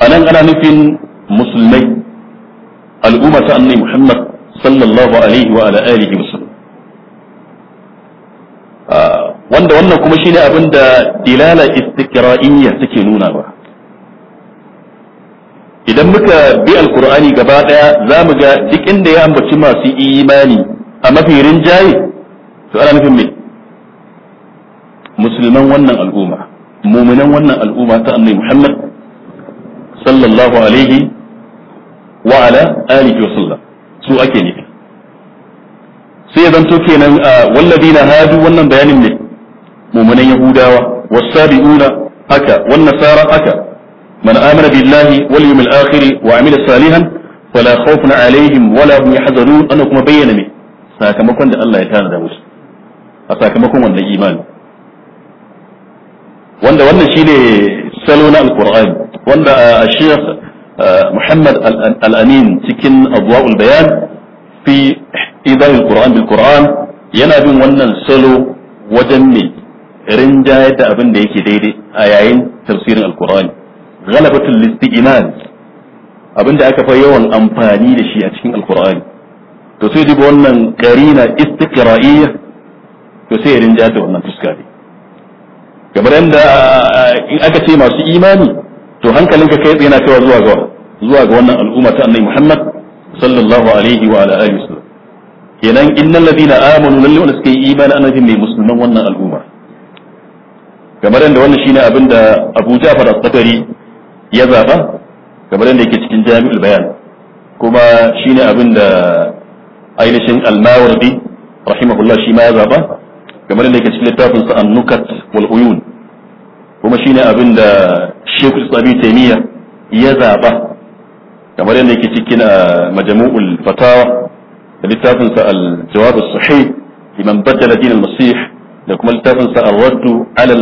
[SPEAKER 1] a nan ana nufin musulmai al'umma ta annabi Muhammad sallallahu alaihi wa ala alihi wasallam ah, wanda wannan kuma shine abin da dilala istiqra'iyya take nuna ba idan muka bi alqur'ani gaba daya zamu ga duk inda ya ambaci masu imani a mafi rinjaye to ana nufin me musulman wannan al'umma muminan wannan al'umma ta annabi Muhammad sallallahu alaihi wa ala alihi wa su ake nufi sai ya zanto kenan walladina hadu wannan bayanin ne mu'minan yahudawa wasabiuna haka wan nasara aka man amana billahi wal yawmil akhir wa amila salihan fala khawfun alaihim wala hum kuma bayyana ne sakamakon da Allah ya da musu a sakamakon wannan imani wanda wannan shine salo na alqur'ani wanda a shekh muhammad al-amin cikin abwaul bayan fi idan al-qur'an bil yana bin wannan salo wajen ne rinjayar da abin da yake daidai a yayin tafsirin al-qur'ani ghalabatul listi'man abin da aka fa yawan amfani da shi a cikin al-qur'ani to sai duba wannan karina istiqra'iyya to sai rinjayar da wannan fuska ne yadda eh, in aka ce masu imani to hankalinka kai tsaye yana kaiwa zuwa ga zuwa ga wannan al'umma ta annabi Muhammad sallallahu alaihi wa ala alihi wasallam kenan innal ladina amanu lalle wanda suka yi imani annabin mai musulman wannan al'umma kamar yadda wannan shine abin da Abu Ja'far al-Qadari ya zaba kamar yadda yake cikin Jami'ul Bayan kuma shine abin da ainihin al-Mawardi rahimahullah shi ma ya zaba kamar yadda yake cikin littafin sa An-Nukat wal Uyun kuma shi ne abin da Sheikhul Islam Taymiya ya zaba kamar yadda yake cikin ah, majmu'ul fatawa da littafin sa al-jawab as-sahih liman baddala din masih da kuma littafin sa ar-radd ala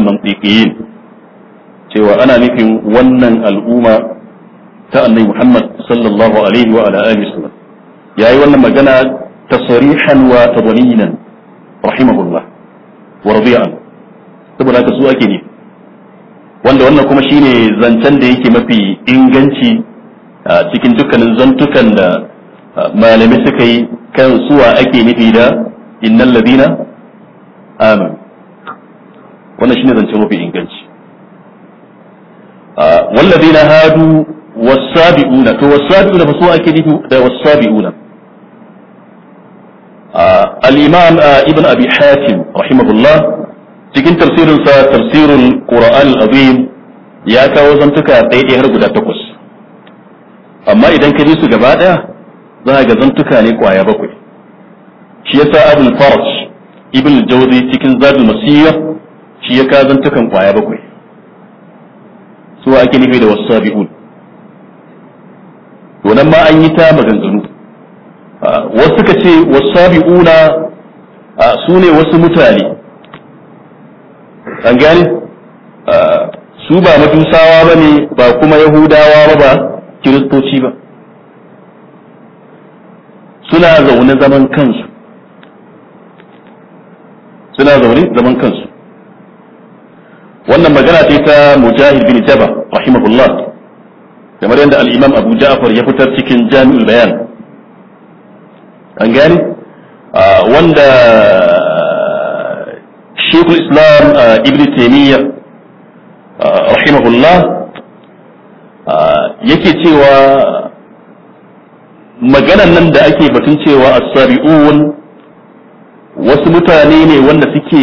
[SPEAKER 1] cewa ana nufin wannan al'umma ta annabi Muhammad sallallahu alaihi wa ala alihi wasallam yayi wannan magana tasrihan wa tadlilan rahimahullah wa radiya saboda haka su ake ne wanda wannan kuma shine zancen da yake mafi inganci cikin dukkanin zantukan da malamai suka yi kan suwa ake nufi da innan ladina amin wannan shine zancen mafi inganci wal na hadu wasabiuna to wasabiuna fa suwa ake nufi da wasabiuna al-imam ibn abi hatim rahimahullah cikin tafsirin sa tafsirul qur'an azim ya kawo zantuka ɗaya ɗaya har guda takwas amma idan ka ji su gaba ɗaya za ka ga zantuka ne ƙwaya bakwai shi ya sa abin faraj ibn jawzi cikin zadul masiyya shi ya ka zantukan ƙwaya bakwai su ake nufi da wasabi'un to nan ma an yi ta maganganu wasu ka ce wasabi'una su ne wasu mutane an gane su ba matusawa ba ne ba kuma yahudawa ba ba kiristoci ba suna zaune zaman kansu suna zaune zaman kansu wannan magana ce ta mujahid bin jaba rahimahullah kamar yadda al-imam abu ja'far ya fitar cikin jami'ul bayan an gane wanda شيخ الإسلام ابن تيمية رحمه الله yake cewa maganan nan da ake batun cewa as-sabi'un wasu mutane ne wanda suke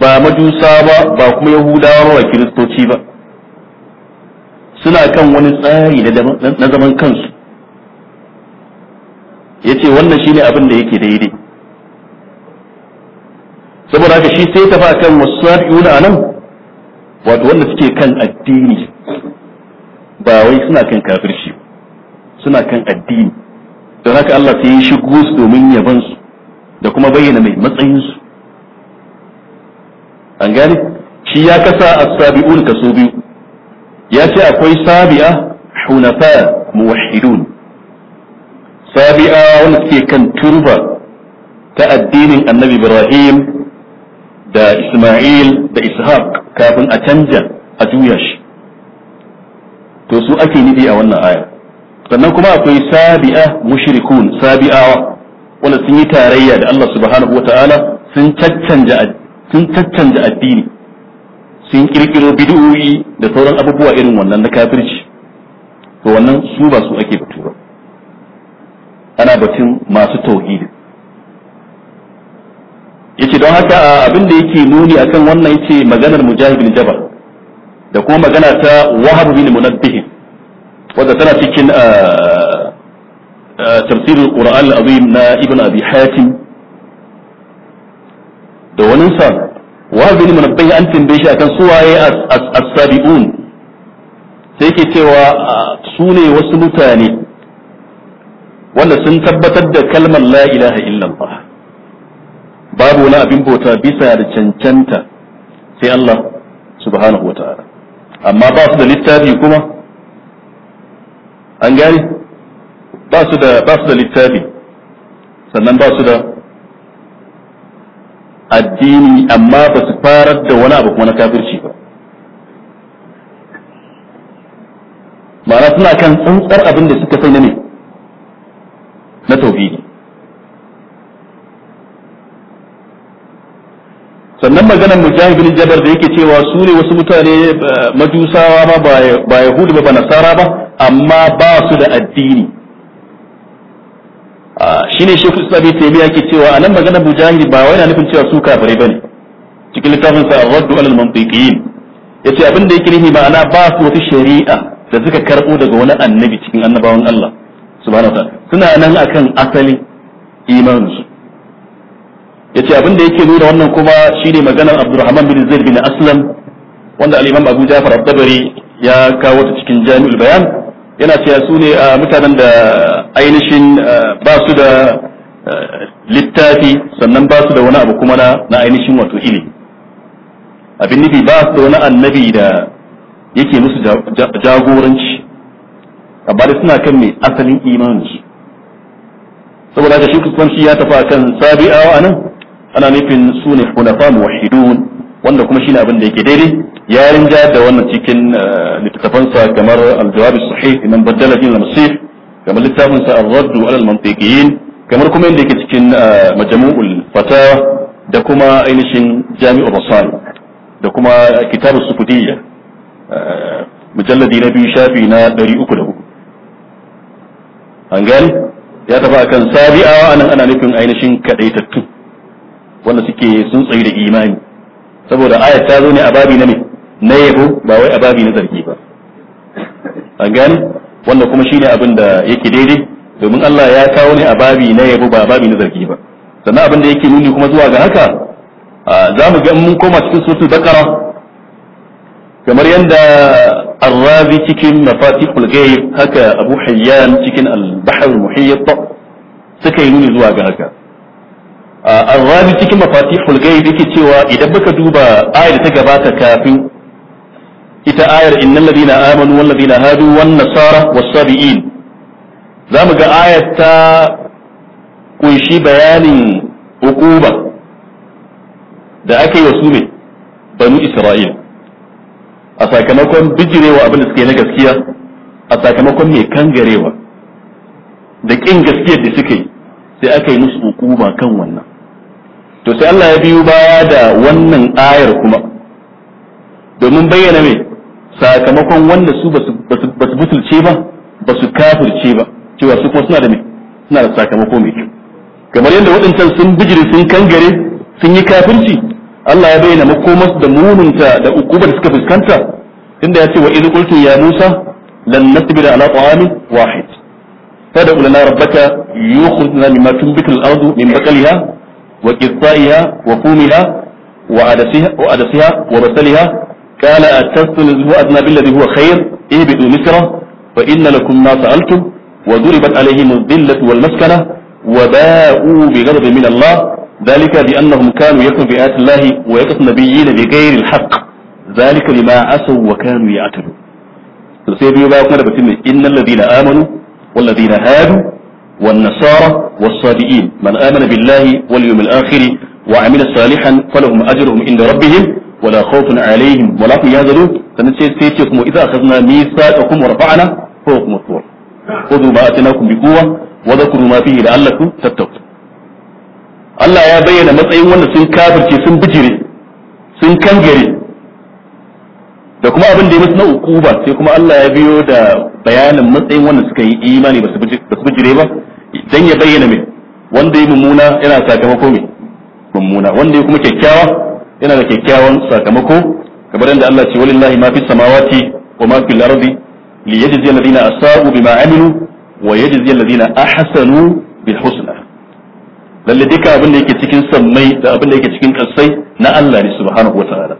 [SPEAKER 1] ba majusa ba ba kuma yahudawa ba kiristoci ba suna kan wani tsari na zaman kansu yace wannan shine abin da yake daidai saboda haka shi sai tafi akan musafiuna anan wato wanda suke kan addini ba wai suna kan kafirci suna kan addini don haka Allah sai ya shigo su domin yaban su da kuma bayyana mai matsayin su an gane shi ya kasa as-sabi'un kaso biyu ya ce akwai sabi'a hunafa muwahhidun sabi'a wanda suke kan turba ta addinin annabi ibrahim da Ismail da Ishaq kafin a canja a juya shi to su ake nufi a wannan aya sannan kuma akwai sabi'a mushrikun sabi'awa wanda sun yi tarayya da Allah subhanahu wata'ala sun caccanja sun caccanja addini sun kirkiro bid'o'i da sauran abubuwa irin wannan na kafirci to wannan su ba su ake batu ba ana batun masu tauhidi yace don haka abin da yake nuni akan wannan yace maganar mujahid bin jabal da kuma magana ta wahab bin munabbih wanda tana cikin تفسير القرآن العظيم نا ابن أبي حاتم da waninsa wa bin munabbai an tambaye shi akan su waye as-sabiun sai ke cewa uh, su ne wasu mutane wanda sun tabbatar da kalmar la ilaha ba. babu wani abin bauta bisa da cancanta sai Allah subhanahu wa ta'ala amma ba su da littafi kuma an gane ba su da ba su da littafi sannan ba su da addini amma ba su farar da wani abu kuma na kafirci ba ma'ana suna kan tsantsar abin da suka sai na ne na tauhidi sannan maganar mujahid bin jabar da yake cewa su ne wasu mutane eh, majusawa ma ba yahudu ba ba nasara ba amma ba su da addini ah, shine shekul sabi taimiya ke cewa a nan maganar mujahid ba wai na nufin cewa su kafirai ne, cikin littafin sa raddu alal mantiqiyin yace abin da yake nufi ma'ana ba su wata shari'a da suka karbo daga wani annabi cikin annabawan Allah subhanahu wa suna nan akan asali imaninsu yace abin da yake nuna wannan kuma shine maganar Abdurrahman bin Zaid bin Aslam wanda al-Imam Abu Ja'far ad-Dabari ya kawo ta cikin Jami'ul Bayan yana cewa su ne ah, mutanen da ainihin ah, ba su da ah, littafi sannan ba su da wani abu kuma na ainihin wato ilimi abin nufi ba su da wani annabi da yake musu jagoranci amma da suna kan mai asalin imaninsu saboda haka shi kusan shi ya tafi akan a anan ana nufin su ne hunafa muwahidun wanda kuma shine abin da yake daidai ya rinja da wannan cikin sa kamar al-jawab sahih imam baddala bin al-masih kamar littafin sa ar-radd ala al-mantiqiyin kamar kuma inda yake cikin majmu'ul fatawa da kuma ainihin jami'ul basal da kuma kitabus sufudiyya mujalladi na biyu shafi na 303 an gani ya tafi akan sabi'a anan ana nufin ainihin kadaitattu wanda suke sun tsayi da imani saboda ayat ta zo ne a babi na ne na yabo ba wai a babi na zargi ba an gane wanda kuma shine abin da yake daidai domin Allah ya kawo ne a babi na yabo ba babi na zargi ba sannan abin da yake nuni kuma zuwa ga haka za mu ga mun koma cikin suratul baqara kamar yadda arrazi cikin mafatihul ghaib haka abu hayyan cikin al muhiyyar muhiyyat suka yi nuni zuwa ga haka Uh, arrabi cikin mafatihul ghaib yake cewa idan baka duba ayar ta gabata kafin ita ayar inna ladina amanu wal ladina hadu wan nasara was sabiin zamu ga ayar ta kunshi bayanin hukuba da aka yi wasu ne banu isra'il a sakamakon bijirewa abin da suka yi na gaskiya a sakamakon mai kangarewa da ƙin gaskiyar da suka yi sai aka yi musu hukuma kan wannan to sai Allah ya biyu baya da wannan ayar kuma domin bayyana me sakamakon wanda su ba su butulce ba ba su kafirce ba cewa su kuma suna da me suna da sakamako mai kyau kamar yadda waɗancan sun bijiri sun kangare sun yi kafirci Allah ya bayyana makomas da mununta da ukubar da suka fuskanta inda ya ce wa idh qultu ya Musa lan nasbira ala ta'amin wahid fad'u lana rabbaka yukhrijna mimma tunbitu al-ardu min baqliha وقطائها وفومها وعدسها, وعدسها وبصلها قال أتستنزه أدنى بالذي هو خير اهبطوا مصر فإن لكم ما سألتم وضربت عليهم الذلة والمسكنة وباءوا بغضب من الله ذلك بأنهم كانوا يكفرون بآيات الله ويكفر النبيين بغير الحق ذلك لما عصوا وكانوا يعتدون sai biyo كما kuma da batun ne innal والنصارى والصابئين من آمن بالله واليوم الآخر وعمل صالحا فلهم أجرهم عند ربهم ولا خوف عليهم ولا هم يحزنون سنسيتكم إذا أخذنا ميثاقكم ورفعنا فوقكم الطور خذوا ما آتيناكم بقوة وذكروا ما فيه لعلكم تتقون Allah ya bayyana matsayin wanda sun kafirce sun bijire sun kangare da kuma abin da ya musu na ukuba sai kuma Allah ya biyo da bayanin matsayin wanda suka yi imani ba su bijire ba dan ya bayyana mai wanda ya mummuna yana sakamako mai mummuna wanda ya kuma kyakkyawa yana da kyakkyawan sakamako kamar yadda Allah ce walillahi ma fi samawati wa ma fil ardi li yajzi alladhina asabu bima amilu wa yajzi alladhina ahsanu bil husna lalle duka abin da yake cikin sammai da abin da yake cikin kasai na Allah ne subhanahu wa ta'ala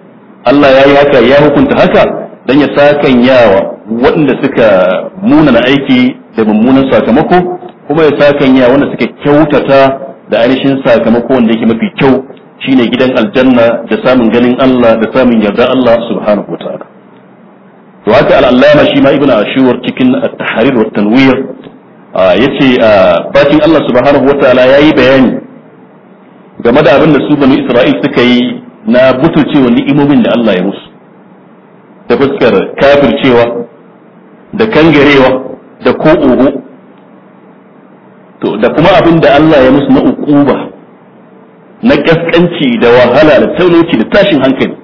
[SPEAKER 1] Allah yi haka ya hukunta haka dan ya sakan yawa waɗanda suka munana aiki da mummunan sakamako kuma ya sakanya wanda suka kyautata da ainihin sakamako wanda yake mafi kyau shine gidan aljanna da samun ganin Allah da samun yarda Allah subhanahu wataala to haka al-allama shi ma ibnu ashur cikin at-tahrir wa tanwir yace bakin Allah subhanahu wataala yayi bayani game da abin da su bani Isra'il suka yi na butulcewa ni'imomin da Allah ya musu da fuskar kafircewa da kangarewa da ko ugu. to da kuma abin da Allah ya musu na ukuba na gaskanci da wahala da talauci da tashin hankali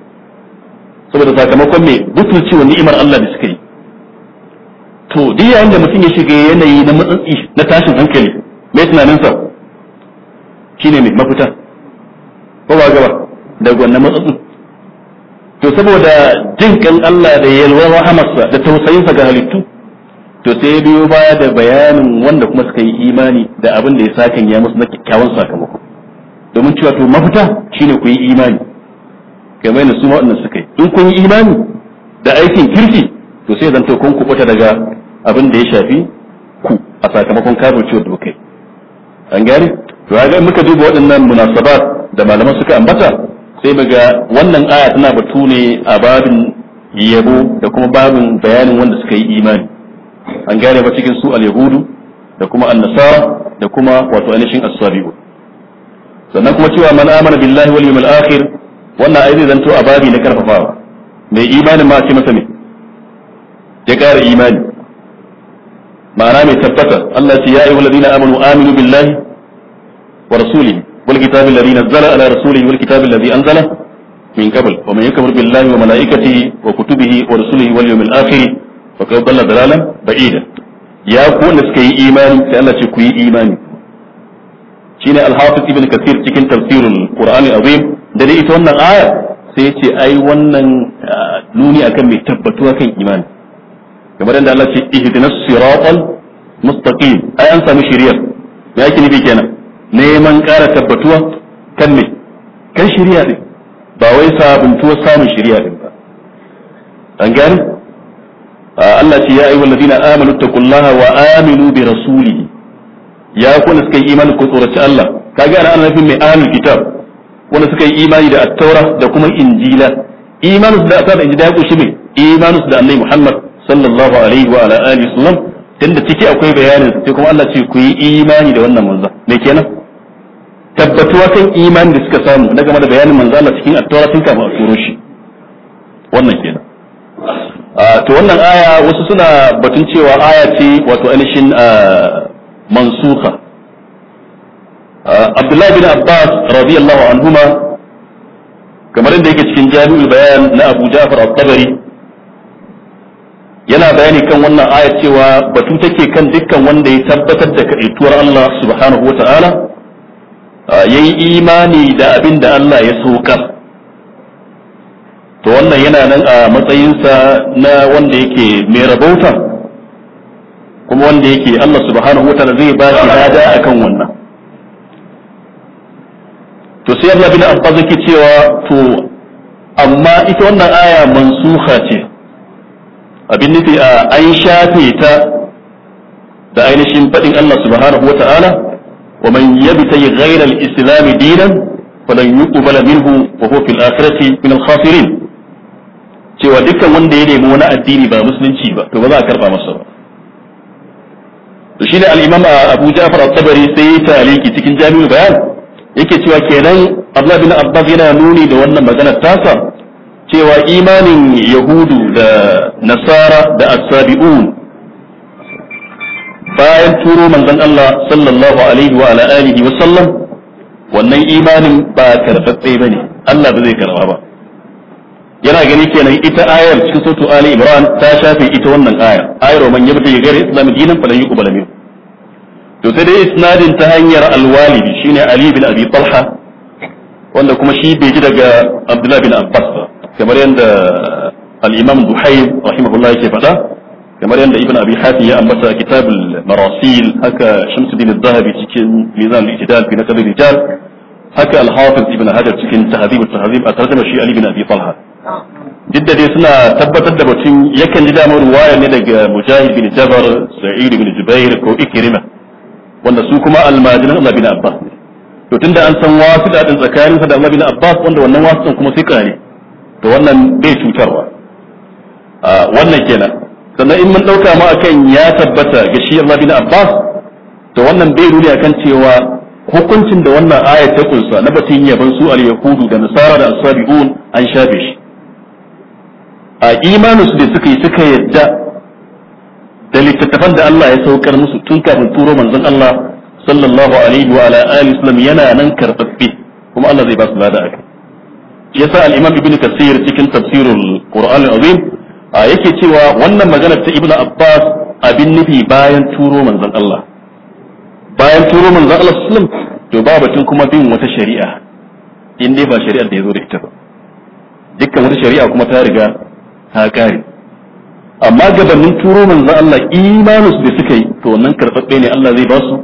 [SPEAKER 1] saboda sakamakon mai butulci wa ni'imar Allah da suka yi to duk yayin da mutum ya shiga yanayi na matsatsi na tashin hankali mai tunanin sa shine mai mafita ko ba gaba da wannan matsatsin to saboda jin kan Allah da yalwa rahamarsa da tausayinsa ga halittu to sai ya biyo baya da bayanin wanda kuma suka yi imani da abin da ya sakan ya musu kyakkyawan sakamako domin cewa to mafita shine ku yi imani kamar yadda su wannan suka yi in kun yi imani da aikin kirki to sai zanto kun kubuta daga abin da ya shafi ku a sakamakon kafircewar da kai an gane to ga muka duba waɗannan munasabat da malaman suka ambata sai mu ga wannan aya tana batu ne a babin yabo da kuma babin bayanin wanda suka yi imani an gane ba cikin su al-yahudu da kuma an-nasara da kuma wato ainihin as-sabiu sannan kuma cewa man amana billahi wal yawmil akhir wannan ai zai zanto a babi na karfafawa mai imanin ma ce masa ne ya ƙara imani ma'ana mai tabbata Allah ce ya ayyuhal ladina amanu aminu billahi wa rasulihi wal kitabi alladhi nazzala ala rasulihi wal kitabi alladhi anzala min qabl wa man yakfur billahi wa malaikatihi wa kutubihi wa rusulihi wal yawmil akhir fa kai dalla dalalan ba'ida ya ku suka yi imani sai Allah ce ku yi imani shine al-hafiz ibn kathir cikin tafsirul qur'ani azim da dai ita wannan aya sai ce ai wannan nuni akan mai tabbatuwa kan imani kamar yadda Allah ce ihdinas siratal mustaqim ai an samu shiriyar ya ki nufi kenan neman ƙara tabbatuwa kan me kan shiriya ne ba wai sabuntuwa samun shiriya din ba an gane Allah ce ya ayyuhal ladina amanu taqullaha wa aminu bi rasuli ya kuna suka yi imani ku tsoraci Allah kaga ana nufin mai ahlul kitab wanda suka yi imani da at-taura da kuma injila imanus da ta injila ya kushi mai imanus da annabi Muhammad sallallahu alaihi wa ala alihi wasallam tunda ciki akwai bayanin sai kuma Allah ce ku yi imani da wannan manzo me kenan tabbatuwa kan imani da suka samu na game da bayanin manzo Allah cikin at-taura sun kama a turo shi wannan kenan Ah, to wannan aya wasu suna batun cewa aya ce wato ainihin ah, mansuka ah, Abdullahi bin Abbas radiyallahu anhuma kamar da yake cikin jami'ul bayan na Abu Ja'far al-Tabari yana bayani kan wannan aya cewa batu take kan dukkan wanda ya tabbatar da kaituwar Allah subhanahu wa ta'ala yayi imani da abin da Allah ya saukar to wannan yana nan a matsayinsa na wanda yake mai rabauta kuma wanda yake Allah subhanahu wataala zai ba shi lada akan wannan to sai Allah bin Abbas yake cewa to amma ita wannan aya mansuha ce abin nufi a an shafe ta da ainihin faɗin Allah subhanahu wataala wa man yabtayi ghayra al-islam dinan falan yuqbala minhu wa huwa fil akhirati min al-khasirin cewa dukkan wanda ya nemi wani addini ba musulunci ba to ba za a karba masa ba to shi ne al-imam Abu Ja'far al-Tabari sai ya taliki cikin Jami'ul Bayan yake cewa kenan Abdullah bin Abbas yana nuni da wannan maganar tasa cewa imanin Yahudu da Nasara da As-Sabi'un bayan turo manzon Allah sallallahu alaihi wa alihi wa sallam wannan imanin ba karɓaɓɓe bane Allah ba zai karɓa ba yana gani kenan ita ayar cikin sautu ali imran ta shafe ita wannan ayar ayar wa man yabta gare islam dinan falan yuqbal min to sai dai isnadin ta hanyar alwalidi shine ali bin abi talha wanda kuma shi bai ji daga abdullahi bin abbas ba kamar yadda al-imam duhaib rahimahullah yake faɗa kamar yadda ibn abi hatim ya ambata kitab al marasil haka shamsuddin al-dhahabi cikin mizan al-i'tidal fi nakal al rijal haka al-hafiz ibn hajar cikin tahdhib al tahdhib a tarjuma shi ali bin abi talha duk da dai suna tabbatar da batun yakan ji damar waya ne daga mujahid bin jabar sa'id bin jubair ko ikrima wanda su kuma almajiran Allah bin Abbas to tunda an san wasu da din tsakanin sa da Allah bin Abbas wanda wannan wasu kuma sika ne to wannan bai cutarwa wannan kenan sannan in mun dauka ma akan ya tabbata ga shi Allah bin Abbas to wannan bai nuni akan cewa hukuncin da wannan ayat ta kunsa na batun yaban su al-yahudu da nasara da as-sabiun an shafe shi a imanin da suka yi suka yadda da littattafan da Allah ya saukar musu tun kafin turo manzon Allah sallallahu alaihi wa ala alihi wasallam yana nan karfafe kuma Allah zai ba su lada akai yasa al-imam ibn kasir cikin tafsirul qur'an al-azim yake cewa wannan magana ta ibn abbas abin nufi bayan turo manzon Allah bayan turo manzon Allah sallallahu alaihi wasallam to ba batun kuma bin wata shari'a in dai ba shari'ar da ya zo da ita ba dukkan wata shari'a kuma ta riga ta kare amma gabanin turo manzo Allah imanus da suka yi to wannan karɓaɓɓe ne Allah zai ba su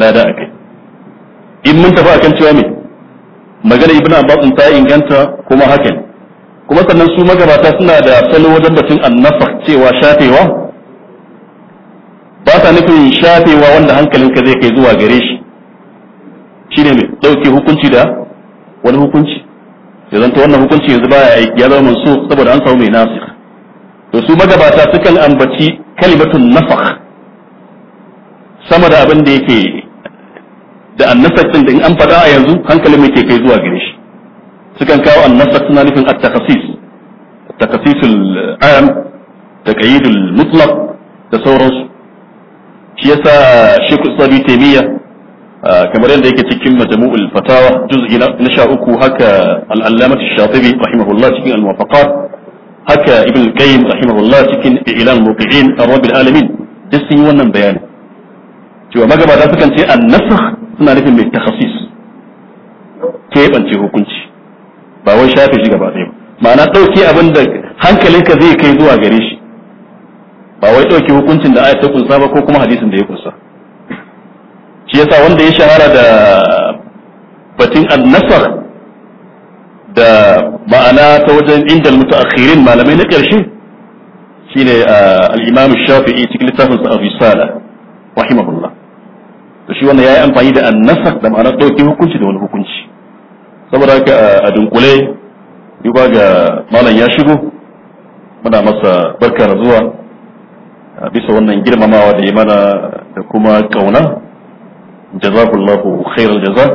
[SPEAKER 1] lada a kai in mun tafi akan cewa me magana ibnu abbas ta inganta kuma haka ne kuma sannan su magabata suna da salo wajen batun annafa cewa shafewa ba ta nufin shafewa wanda hankalinka zai kai zuwa gare shi shine mai ɗauke hukunci da wani hukunci ya zanta wannan hukunci yanzu baya aiki ya zama mansu saboda an samu mai nasikh to su magabata sukan ambaci kalimatun nafakh sama da abin da yake da annasar da in an faɗa a yanzu hankalin mai ke kai zuwa gare shi sukan kawo annasar suna nufin at-takhasis takasisul am taqyidul mutlaq da sauransu shi yasa Sheikh Sabi Taymiya kamar yadda yake cikin Majmu'ul Fatawa juz'i na 13 haka al-Allamah Ash-Shatibi rahimahullah cikin al-Muwafaqat haka ibn qayyim rahimahullah cikin ilan muqiin rabbil alamin duk sun yi wannan bayani cewa magabata sukan ce an-nasakh suna nufin mai takhassis keɓance hukunci ba wai shafe shi gaba ɗaya ma'ana ɗauke abin da hankalinka zai kai zuwa gare shi ba wai ɗauke hukuncin da ayat ta kunsa ba ko kuma hadisin da ya kunsa shi yasa wanda ya shahara da batun an annasar da ma'ana ta wajen inda mutaakhirin malamai na ƙarshe shine al-Imam Shafi'i cikin littafin sa Risala rahimahullah to shi wannan yayi amfani da an-nasakh da ma'ana dauki hukunci da wani hukunci saboda haka a dunkule duba ga malam ya shigo muna masa barkar zuwa bisa wannan girmamawa da imana da kuma kauna jazakallahu khairal jaza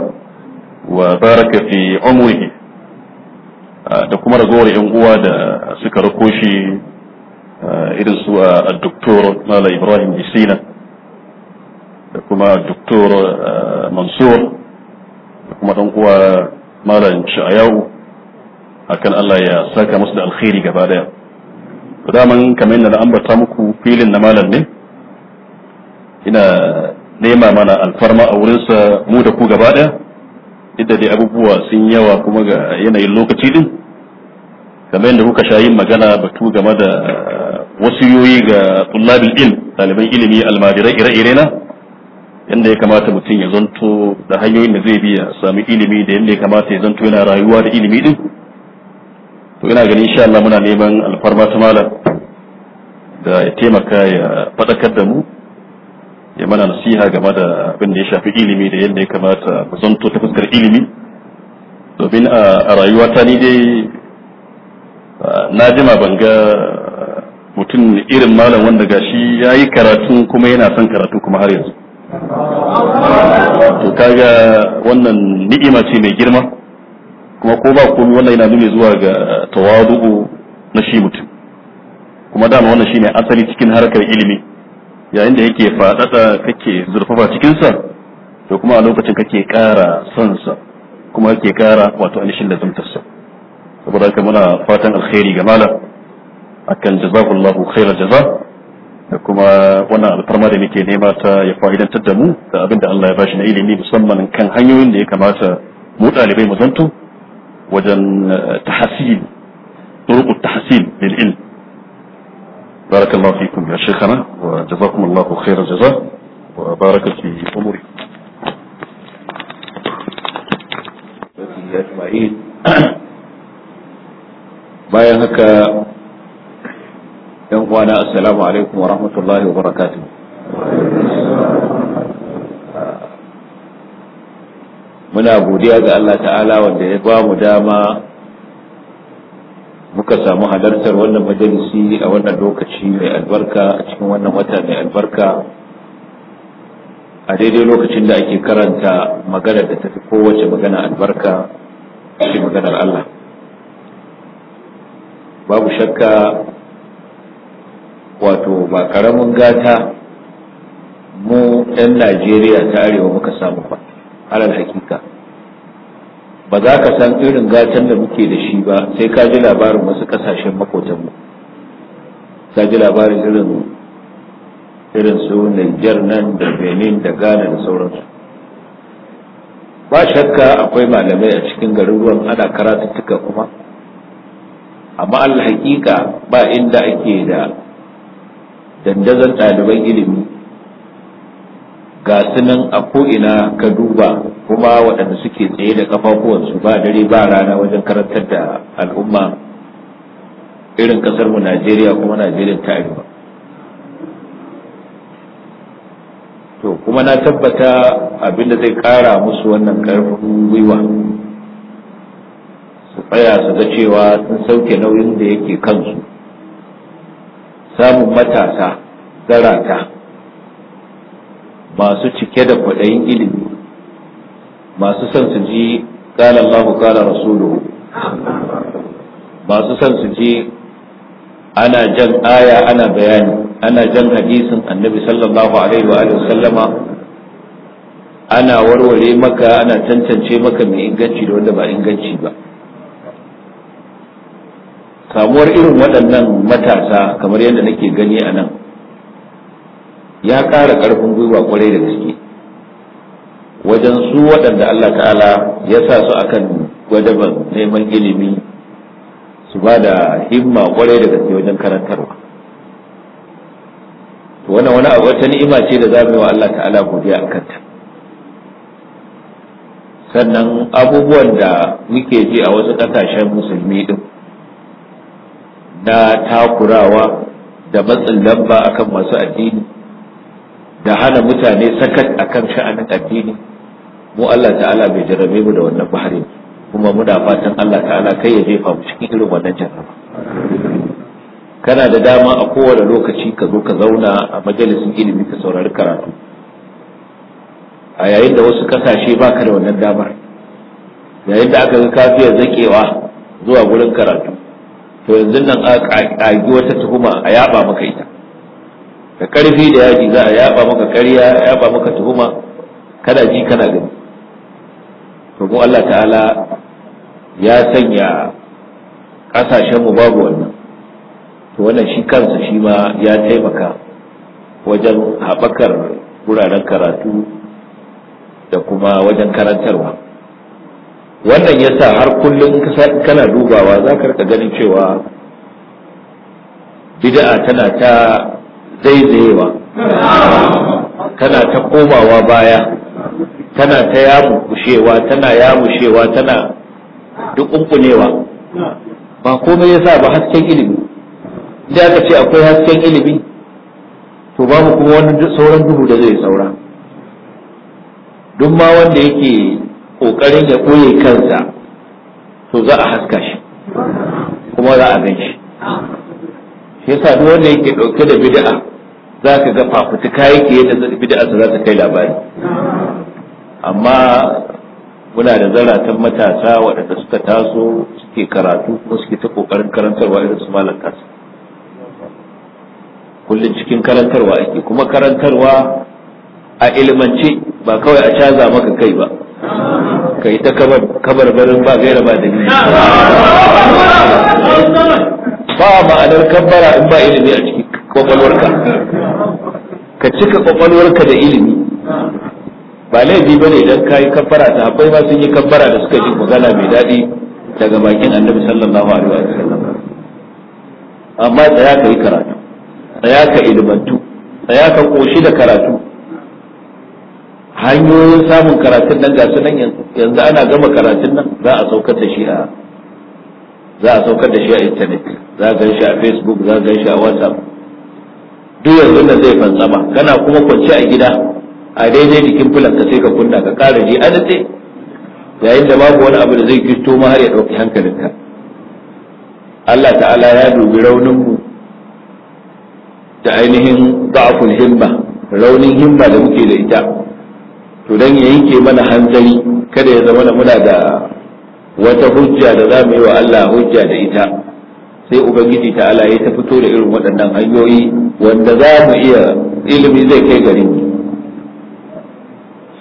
[SPEAKER 1] wa baraka fi umrihi da kuma ragowar yan uwa da suka rako shi eh, irin su a eh, doktor mala ibrahim isina da kuma doktor eh, mansur da kuma dan uwa malam sha'ayau akan Allah ya saka musu da alkhairi gaba daya to daman kamar yadda na ambata muku filin na malam ne ina nema mana alfarma a wurinsa mu da ku gaba daya duk dai abubuwa sun yawa kuma ga yanayin lokaci din kamar yadda kuka sha yin magana batu game da uh, wasiyoyi ga tullabin ilm ɗaliban ilimi almadirai ire-ire na yadda ya kamata mutum ya zanto da hanyoyin da zai biya sami ilimi da yadda ya kamata ya zanto yana rayuwa da ilimi din to ina ganin insha Allah muna neman alfarma ta malam da ya taimaka ya faɗakar da mu ya mana nasiha game da abin da ya shafi ilimi da yadda ya kamata mu zanto ta fuskar ilimi domin uh, a rayuwa ta ni dai na jima ban ga mutum irin malam wanda gashi ya yi karatu kuma yana son karatu kuma har yanzu to kaga wannan ni'ima ce mai girma kuma ko ba komi wannan yana nuni zuwa ga tawadu'u na shi mutum kuma dama wannan shine asali cikin harkar ilimi yayin da yake faɗaɗa kake zurfafa cikinsa to kuma a lokacin kake ƙara son sa kuma kake ƙara wato ainihin lazumtarsa saboda haka muna fatan alkhairi ga malam akan jazakallahu khairal jaza da kuma wannan alfarma da muke nema ta ya fa'idantar da mu da abinda Allah ya bashi na ilimi musamman kan hanyoyin da ya kamata mu dalibai mu zanto wajen tahsil turuq tahasil lil ilm barakallahu fikum ya shaykhana wa jazakumullahu khairal jaza wa baraka fi umuri أجمعين bayan haka yan kwana assalamu alaikum wa rahmatullahi wa barakatuh muna godiya ga Allah ta'ala wanda ya ba mu dama muka samu halartar wannan majalisi a wannan lokaci mai albarka a cikin wannan wata mai albarka a daidai lokacin da ake karanta magana da tafi kowace magana albarka cikin maganar Allah babu shakka wato ba karamin gata mu 'yan najeriya ta arewa muka samu ba alal hakika ba za ka san irin gatan da muke da shi ba sai ka ji labarin wasu kasashen makotanmu ka ji labarin irin irin su Niger nan da Benin da Ghana da sauransu ba shakka akwai malamai a cikin garuruwan ana karatuttuka kuma amma allah hakika ba inda ake da dandazon ɗaliban ilimi ga sunan a ko'ina ka duba kuma waɗanda suke tsaye da kafafuwansu ba dare ba rana wajen karantar da al'umma irin ƙasarmu najeriya kuma najeriya ta arewa to kuma na tabbata abinda zai ƙara musu wannan karfin gwiwa su tsaya su ga cewa sun sauke nauyin da yake kansu samun matasa zarata masu cike da kwaɗayin ilimi masu son su ji kala Allahu kala rasuluhu masu son su ji ana jan aya ana bayani ana jan hadisin annabi sallallahu alaihi wa sallama ana warware maka ana tantance maka mai inganci da wanda ba inganci ba kamuwar irin waɗannan matasa kamar yadda nake gani a nan ya ƙara ƙarfin gwiwa ƙwarai da gaske wajen su waɗanda Allah ta'ala ya sa su akan gwadaban neman ilimi su ba da himma ƙwarai da gaske wajen karantarwa wannan wani abu wata ni'ima ce da za mu yi wa Allah ta'ala godiya a kanta sannan abubuwan da muke ji a wasu ƙasashen musulmi din na takurawa da matsin lamba akan masu addini da hana mutane sakat akan sha'anin addini mu Allah ta'ala bai jarabe mu da wannan bahari kuma muna fatan Allah ta'ala kai ya jefa mu cikin irin wannan jarraba kana da dama a kowane lokaci ka zo ka zauna a majalisin ilimi ka saurari karatu a yayin da wasu kasashe ka da wannan damar yayin da aka ga kafiyar zakewa zuwa gurin karatu to yanzu nan a ƙagi wata tuhuma a yaba maka ita da ƙarfi da yaji za a yaba maka ƙarya a yaba maka tuhuma kana ji kana gani to mu Allah ta'ala ya sanya ƙasashen mu babu wannan to wannan shi kansa shi ma ya taimaka wajen haɓakar wuraren karatu da kuma wajen karantarwa wannan ya sa har kullum kana dubawa za ka rika ganin cewa bid'a tana ta zaizayewa tana ta komawa baya tana ta yamu kushewa, tana yamu shewa tana dukunkunewa ba komai ya sa ba hasken ilimi da aka ce akwai hasken ilimi to babu kuma wani sauran duhu da zai saura duk ma wanda yake kokarin ya ɓoye kansa to za a haska shi kuma za a gan shi shi yasa duk wanda yake dauke da bid'a za ka ga fafutuka yake yadda bid'a za ta kai labari amma muna da zaratan matasa waɗanda suka taso suke karatu ko suke ta kokarin karantarwa irin su malam kasa kullum cikin karantarwa ake kuma karantarwa a ilimance ba kawai a caza maka kai ba kai ta barin ba gaira ba dalili ba ma'anar kabbara in ba ilimi a cikin kwakwalwarka ka cika kwakwalwarka da ilimi ba laifi ba ne idan ka yi kabbara ta haɓai ba sun yi kabbara da suka ji magana mai daɗi daga bakin annabi sallallahu alaihi wa sallam amma tsaya ka yi karatu tsaya ka ilimantu tsaya ka ƙoshi da karatu hanyoyin samun karatun nan ga su nan yanzu ana gama karatun nan za a saukar da shi a za a saukar da shi a internet za a gan shi a facebook za a gan shi a whatsapp duk yanzu nan zai fantsama kana kuma kwance a gida a daidai jikin fulan ka sai ka kunna ka kara ji an ce yayin da babu wani abu da zai kisto ma har ya ɗauki hankalinka Allah ta'ala ya dubi rauninmu da ainihin ba'afun himma raunin himma da muke da ita to dan ya yanke mana hanzari kada ya zama muna da wata hujja da za mu yi wa Allah hujja da ita sai ubangiji ta Allah ya ta fito da irin waɗannan hanyoyi wanda za mu iya ilimi zai kai gare mu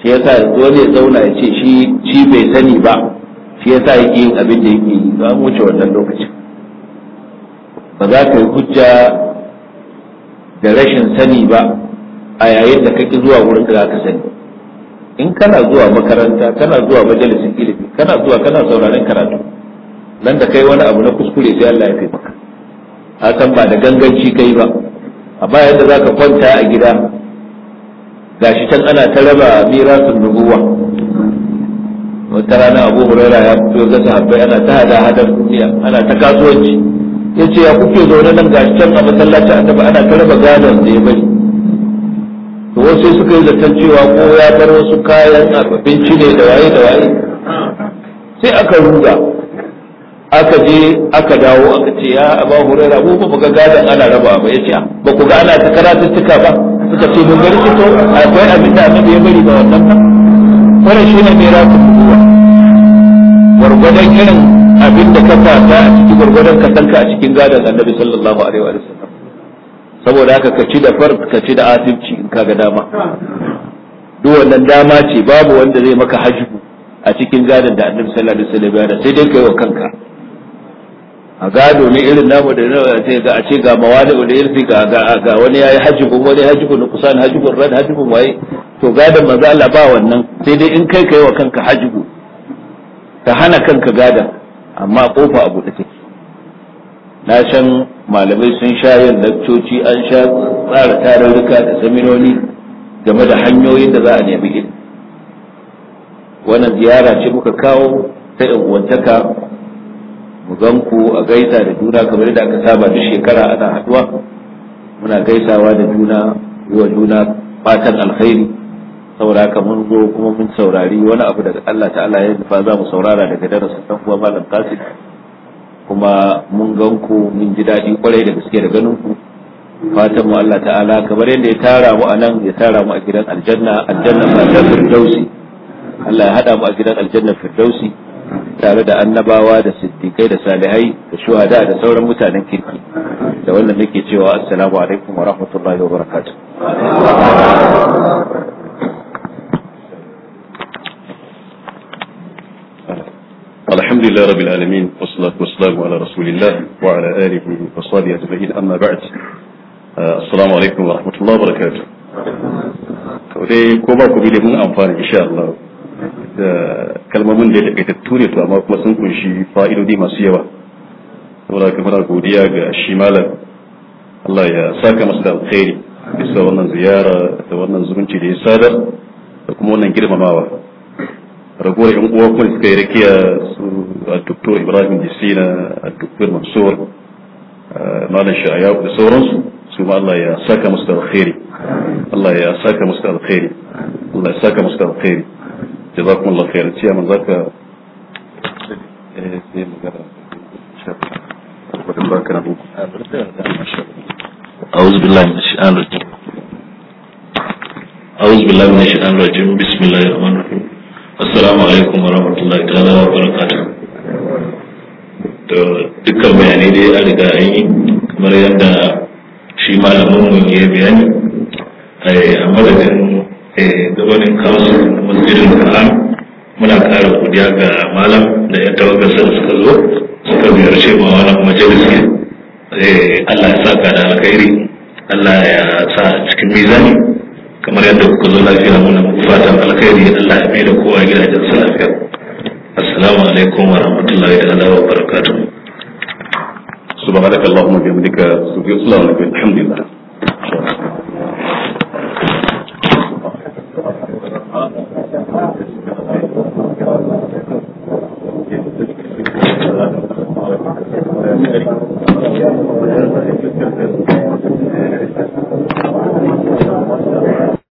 [SPEAKER 1] shi yasa dole ya zauna ya ce shi shi bai sani ba shi yasa yake yin abin da yake yi za mu wuce wannan lokacin ba za ka yi hujja da rashin sani ba a yayin da kake zuwa wurin da za ka sani in kana zuwa makaranta kana zuwa majalisin ilimi kana zuwa kana sauraron karatu nan da kai wani abu na kuskure sai Allah ya kai maka a san ba da ganganci kai ba a bayan da zaka kwanta a gida gashi can ana ta raba mirasun nubuwa wata rana abu huraira ya fito ga sahabbai ana ta hada hadar duniya ana ta kasuwanci yace ya kuke zaune nan gashi can a masallaci annabi ana ta raba gadon da ya bari to wasu suka yi zaton cewa ko ya bar wasu kayan abinci ne da waye da waye sai aka ruga aka je aka dawo aka ce ya aba hurera ko ba ga gadan ana raba ba yace ba ku ga ana ta tuka ba suka ce mun bari to akwai abin da annabi ya bari ba wannan ba shi shine mai rafin ruwa wargwadon irin abin da ka fata a cikin gwargwadon ka tanka a cikin gadan annabi sallallahu alaihi wa sallam saboda haka ka ci da fard ka ci da asibci in kaga dama duk wannan dama ce babu wanda zai maka hajju a cikin gadon da annabi sallallahu alaihi wasallam ya sai dai kai wa kanka a gado ne irin namu da ce ga a ce ga mawali da irfi ga ga ga wani yayi hajji ko wani hajji ko kusan hajji ko rad hajji ko waye to gadon manzo Allah ba wannan sai dai in kai kai wa kanka hajji ka hana kanka gadon amma kofa abu da take na san malamai sun sha yin lakcoci an sha tsara tarurruka da saminoni game da hanyoyin da za a nemi ilimi wannan ziyara ce muka kawo ta uwantaka mu gan a gaisa da juna kamar da aka saba duk shekara ana haduwa muna gaisawa da juna wa juna fatan alkhairi saboda haka mun zo kuma mun saurari wani abu daga Allah ta'ala ya nufa za mu saurara daga darasin ɗan uwa malam Kasir? kuma mun gan ku mun ji daɗi kwarai da gaske da ganin ku fatan mu Allah ta'ala kamar yadda ya tara mu a nan ya tara mu a gidan aljanna aljanna fatan firdausi Allah ya haɗa mu a gidan aljanna firdausi tare da annabawa da siddiqai da salihai da shuhada da sauran mutanen kirki da wannan nake cewa assalamu alaikum wa rahmatullahi wa barakatuh الحمد لله رب العالمين والصلاة والسلام على رسول الله وعلى آله وصحبه أجمعين أما بعد آه، السلام عليكم ورحمة الله وبركاته ودي كوبا كوبي لمن أنفان إن شاء الله كلمة من ذلك التوري تو أما كما سنكون شي فائل دي ما سيوا ولا كما نقول ديا الشمال الله يا ساكا مصدى الخير بسوى زيارة تورنا زمنتي دي سادر وكمونا نجرم ماوا ragowar yan uwa kuma suka yi rakiya su a doktor ibrahim jisina a doktor mansur malam sha'aya da sauransu su ma Allah ya saka musu da alkhairi Allah ya saka musu da alkhairi Allah ya saka musu da alkhairi jazakum Allah khairan ciya man zaka eh sai magana أعوذ بالله من الشيطان الرجيم أعوذ بالله من الشيطان الرجيم بسم الله الرحمن الرحيم assalamu alaikum wa rahmatullahi ta'ala wa barakatuh to dukkan bayanai dai ya riga an yi kamar yadda shi malamin mu ya bayani eh, a madadin eh, gabanin kansu masjidin kalam muna kara godiya ga malam da ya tawaga sun suka zo suka ce ma wannan majalisi eh, Allah ya saka da alkhairi Allah ya sa cikin mizani kamar yadda kuka zo lafiya muna fatan alkhairi Allah ya mai da kowa gidajen sa lafiya assalamu alaikum wa rahmatullahi ta'ala wa barakatuh subhanakallahumma wa bihamdika subhanallahi walhamdulillah